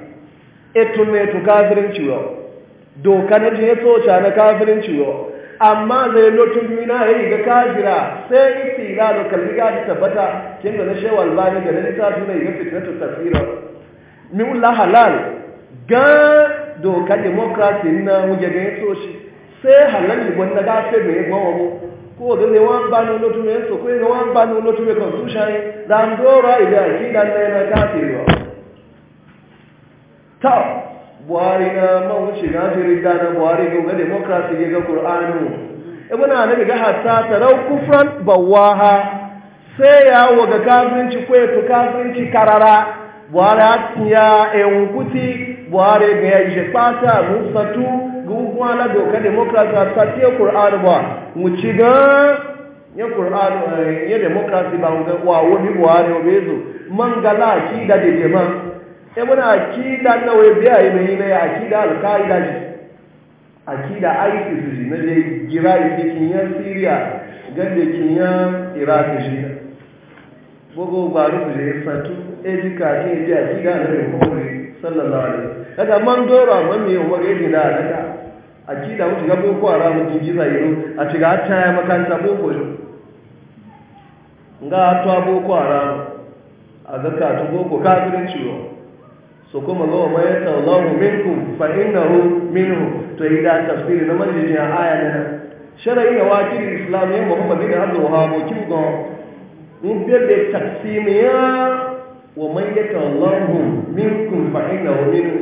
eto ne to kafirin ciwo doka na je to na kafirin ciwo amma zai lotun duniya ya yi ga kajira sai isi na lokalmi ga ta tabbata kin da na shewa albani ga na littafi mai ga fitnatu tafsira min la halal ga doka democracy na wuge ga yato shi sai halal ni wanda ga fe mai gwawa mu ko ga ne wan ba ni lotun ne so ko ga wan ba ni lotun ne constitution dan dora ida kidan na na kafirwa ta buhari na eh, man wuce na firin da na buhari ga ga demokrasi ya ga qur'anu ibn annabi ga hatta tarau kufran bawaha sai ya waga kafinci ko ya kafinci karara buhari ya enkuti buhari ga ya je kpata, musatu gugwa na doka demokrasi a sati ya qur'anu ba wuce ga ya qur'anu eh, ya demokrasi ba wa wani buhari obezo man gala ki da de jama'a ebuna akida na wai biya yi mai akida al akida isis na da gira ide syria gan da kinyan iraq ji ejika ke ji akida na da kuma sallallahu alaihi daga man doro amma me wa ga da akida wuce ga boko haram ji jira yiro a shiga ta makanta boko nga to boko so kuma ga wa mayar sallahu minkum fa innahu minhu to yi da tafsiri na majalisiyar aya na nan shara'i na wakil islam yin muhammad bin abdul wahab kin ga in da da tafsimi ya wa mayar sallahu minkum fa innahu minhu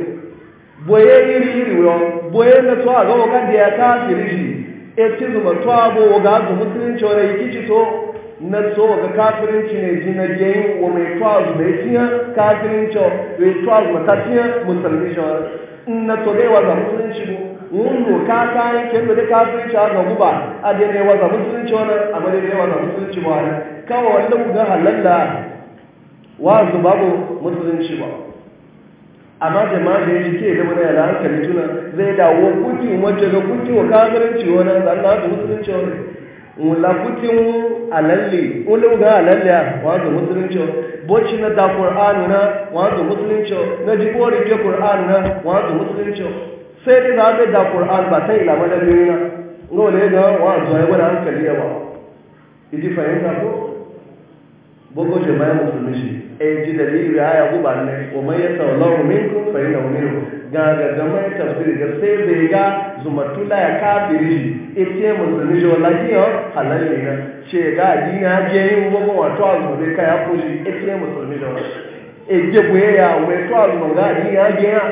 boye iri iri wa boye na to a ga wa kan da ya kafiri shi e ci zuba to abo ga zu musulunci wani kici to na so ga kafirinci ne ji na yayin wa mai tuwazu da ya tiya kafirinci mai tuwazu mata tiya musulmi shi wani na so dai waza musulunci mu. mun ka kayan kendo da kafirinci a ga guba a dai dai wa musulunci wani a ma dai dai waza musulunci ba wani kawai wanda ku ga halalla wazu babu musulunci ba amma jama'a da ya ke da wani yana hankali tuna zai dawo kuki wajen ga kuki wa kafirinci wani zan na musulunci wani mulakutin alalle ulun ga alalle wanzu musulunci bocci na da qur'anu na wanzu musulunci na jibori ke qur'anu na wanzu musulunci sai dai zabe da qur'an ba sai ila madani na no ne ga wanzu ai wala hankali ya ba idi fahimta ko boko je bayan musulunci e ji dalili aya gubanne wa man yasallahu minkum fa innahu minkum ga ga zaman tafsir ga sai bai ga zumatula ya kafiri ita musulmi jo lagiyo halal na ce ga na ha je yin gogo wato azu zai kai hakuji ita musulmi jo e je ya wato azu ga addini ha je ya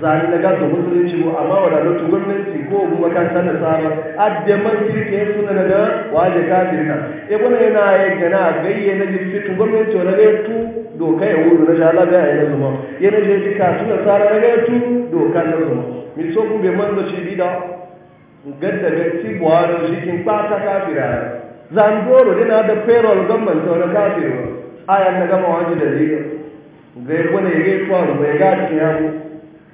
zani na gasa musulunci ko amma wadatu gwamnati ko mu makaranta da tsara adde man kirke suna na da waje kafin nan e bana yana yin gana gayye na jifitu gwamnati na ga tu doka ya wudu na jala ga ya zuma yana je dika suna sara na ga tu doka na zuma mi so ku be man da shi bida gadda ga ti buhari shi kin fata kafira zan doro dina da payroll gwamnati kafin kafira ayan na gama waje da zai ga ya bana ya ga kwa ya ga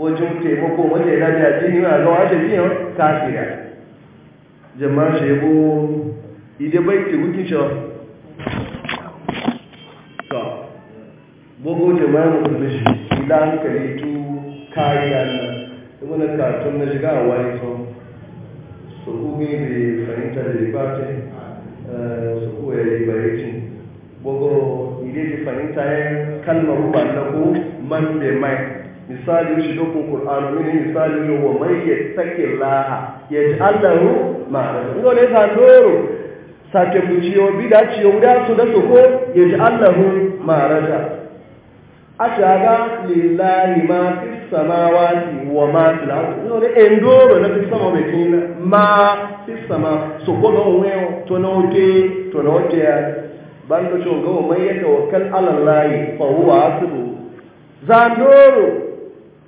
wajen taimako wanda ya dace a jini a zama shi biyan kafira jama'a shi idan bai ke gukin shi ta bugu jama'a musulmi shi idan ka yi kariya na wani karton na shiga a wani son su kuma bai fahimta da ribata eh, su kuma ya ribaye bugu idan fahimta ya kalmar na ko man bai mai misali shi dokun qur'anu min misali ne wa man yattaki laha ya ji yaj'alahu ma'ana ngo ne sa ndoro sake buciyo da ciyo da su da su ko ya ji yaj'alahu ma'ana ashaga lillahi ma fi samawati wa ma fil ardi no de endoro na fi sama be kin ma fi sama so ko no weo to no te to no te bando cho go mai ya tawakkal ala allah fa huwa asbu zandoro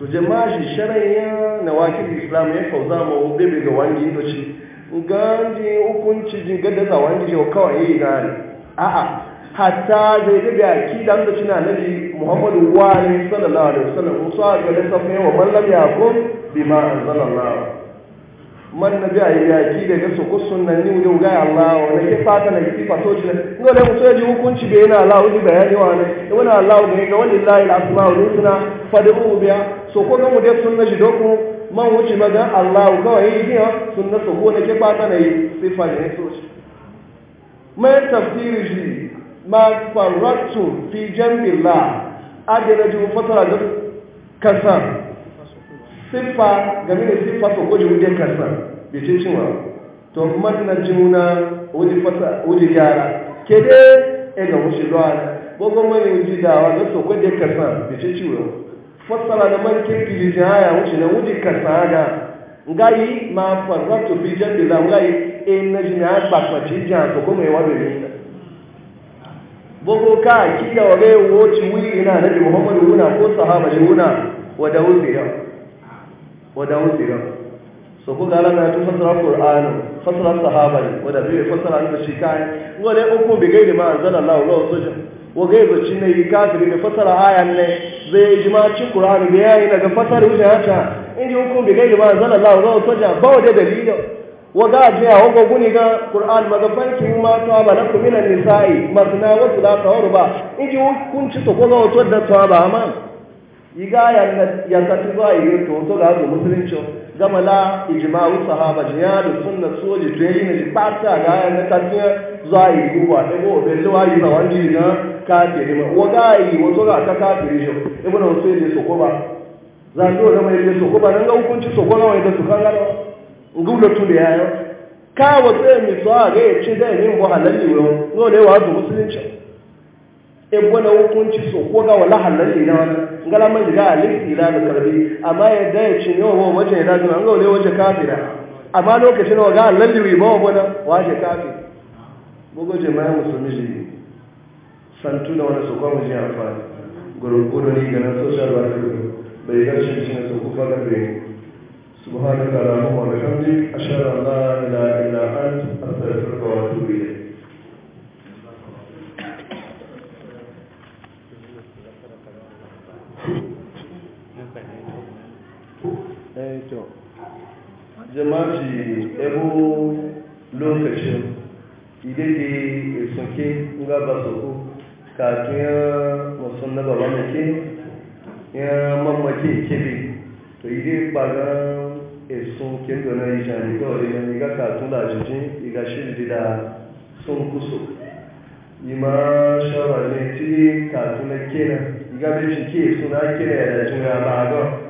to jama'a shi sharayen na wakil islam ya fauza ma wobe bai ga wani to shi. ganji hukunci jin gada za wani yau kawai yi na ne a'a hatta zai ga da akida da tuna nabi muhammadu wani sallallahu alaihi wasallam musu a ga da safa wa mallam ya ko bima anzalallahu man nabi ayi ya ki da su kusunan ni wuda ga Allah wa ne fata na ki fato shi da musu ji hukunci bai na Allah wuji bayani wa ne wannan Allah ne ga wallahi al al husna fad'u biha so ko gamu dai sunna shi doku man wuce magan allahu kawai yi biya sunna so ko na ke kwata na yi sifa ne so shi mai tafsiri shi ma farattu fi jam'in la adina ji fasara da kasa sifa game da sifa so ko ji wujen kasa bai ce cewa to manna jimuna wuji gyara ke dai e ga wuce zuwa gwagwamani wuji dawa ga so ko je kasa bai ce ciwo fassara na mankin gilijin haya wuce da wuce kasada ngayi ma farratu fi jambi za ngayi e na jina bakwaci jiya to kuma yawa bai nuna Boko ka kida wa bai wuce wuri ina na bi muhammadu wuna ko sahaba shi wuna wada wuce yau wada wuce yau so ku gala na tun fassara qur'anu fassara sahaba ne wada bai fassara da shi kai wala uku bi gairi ma anzala Allah wa sujud wagai baci ne yi kafiri da fasara aya ne zai yi jimacin kurani da yayi daga fasara wuce hata inda hukun da gaji ba zan Allah ga wata da ba Wa dalilin waga ajiya wago guni ga Qur'an maga bankin ma to ba na kumina nisa'i masna wa thulatha inji hukun ci to ko ga da to ba ma yiga ya ya ta tuba yi to to ga musulunci gama la ijma'u sahaba ya da sunna soji to yi ne fata ga na tafiya zai kuwa da go da lawayi na wani na kafiri ma wa gai wato ga ta kafiri shi ibn usayd so ko ba zan do da mai so ko ba nan ga hukunci so ko wai da su kan gano da yayo ka wa sai mi so ga ya ce da yin bo halalli wa no da wa musulunci ebwana hukunci so ko ga wala halalli na wani ngala man ga alifi la da karbi amma yadda ya cinye wa wace wajen dace zuwa an ga wale wace kafira amma lokacin wa ga halalli wi bawa bana wajen kafir bugu jama'a musulmi ji santu da wani su kwa mu ji amfani gurgudu ne ganin social worker bai ga shi shi ne su kuka da bai subhanallahi wa bihamdihi ashhadu an la ilaha illa anta astaghfiruka wa atubu ilayk to jama'i ebo lokacin idade soke nga ba soko kafin ya wasu na ya mamake kebe to ide esun kendo na ori na iga da ajijin iga da sun kuso ima shawara ne ti na iga ke ya ba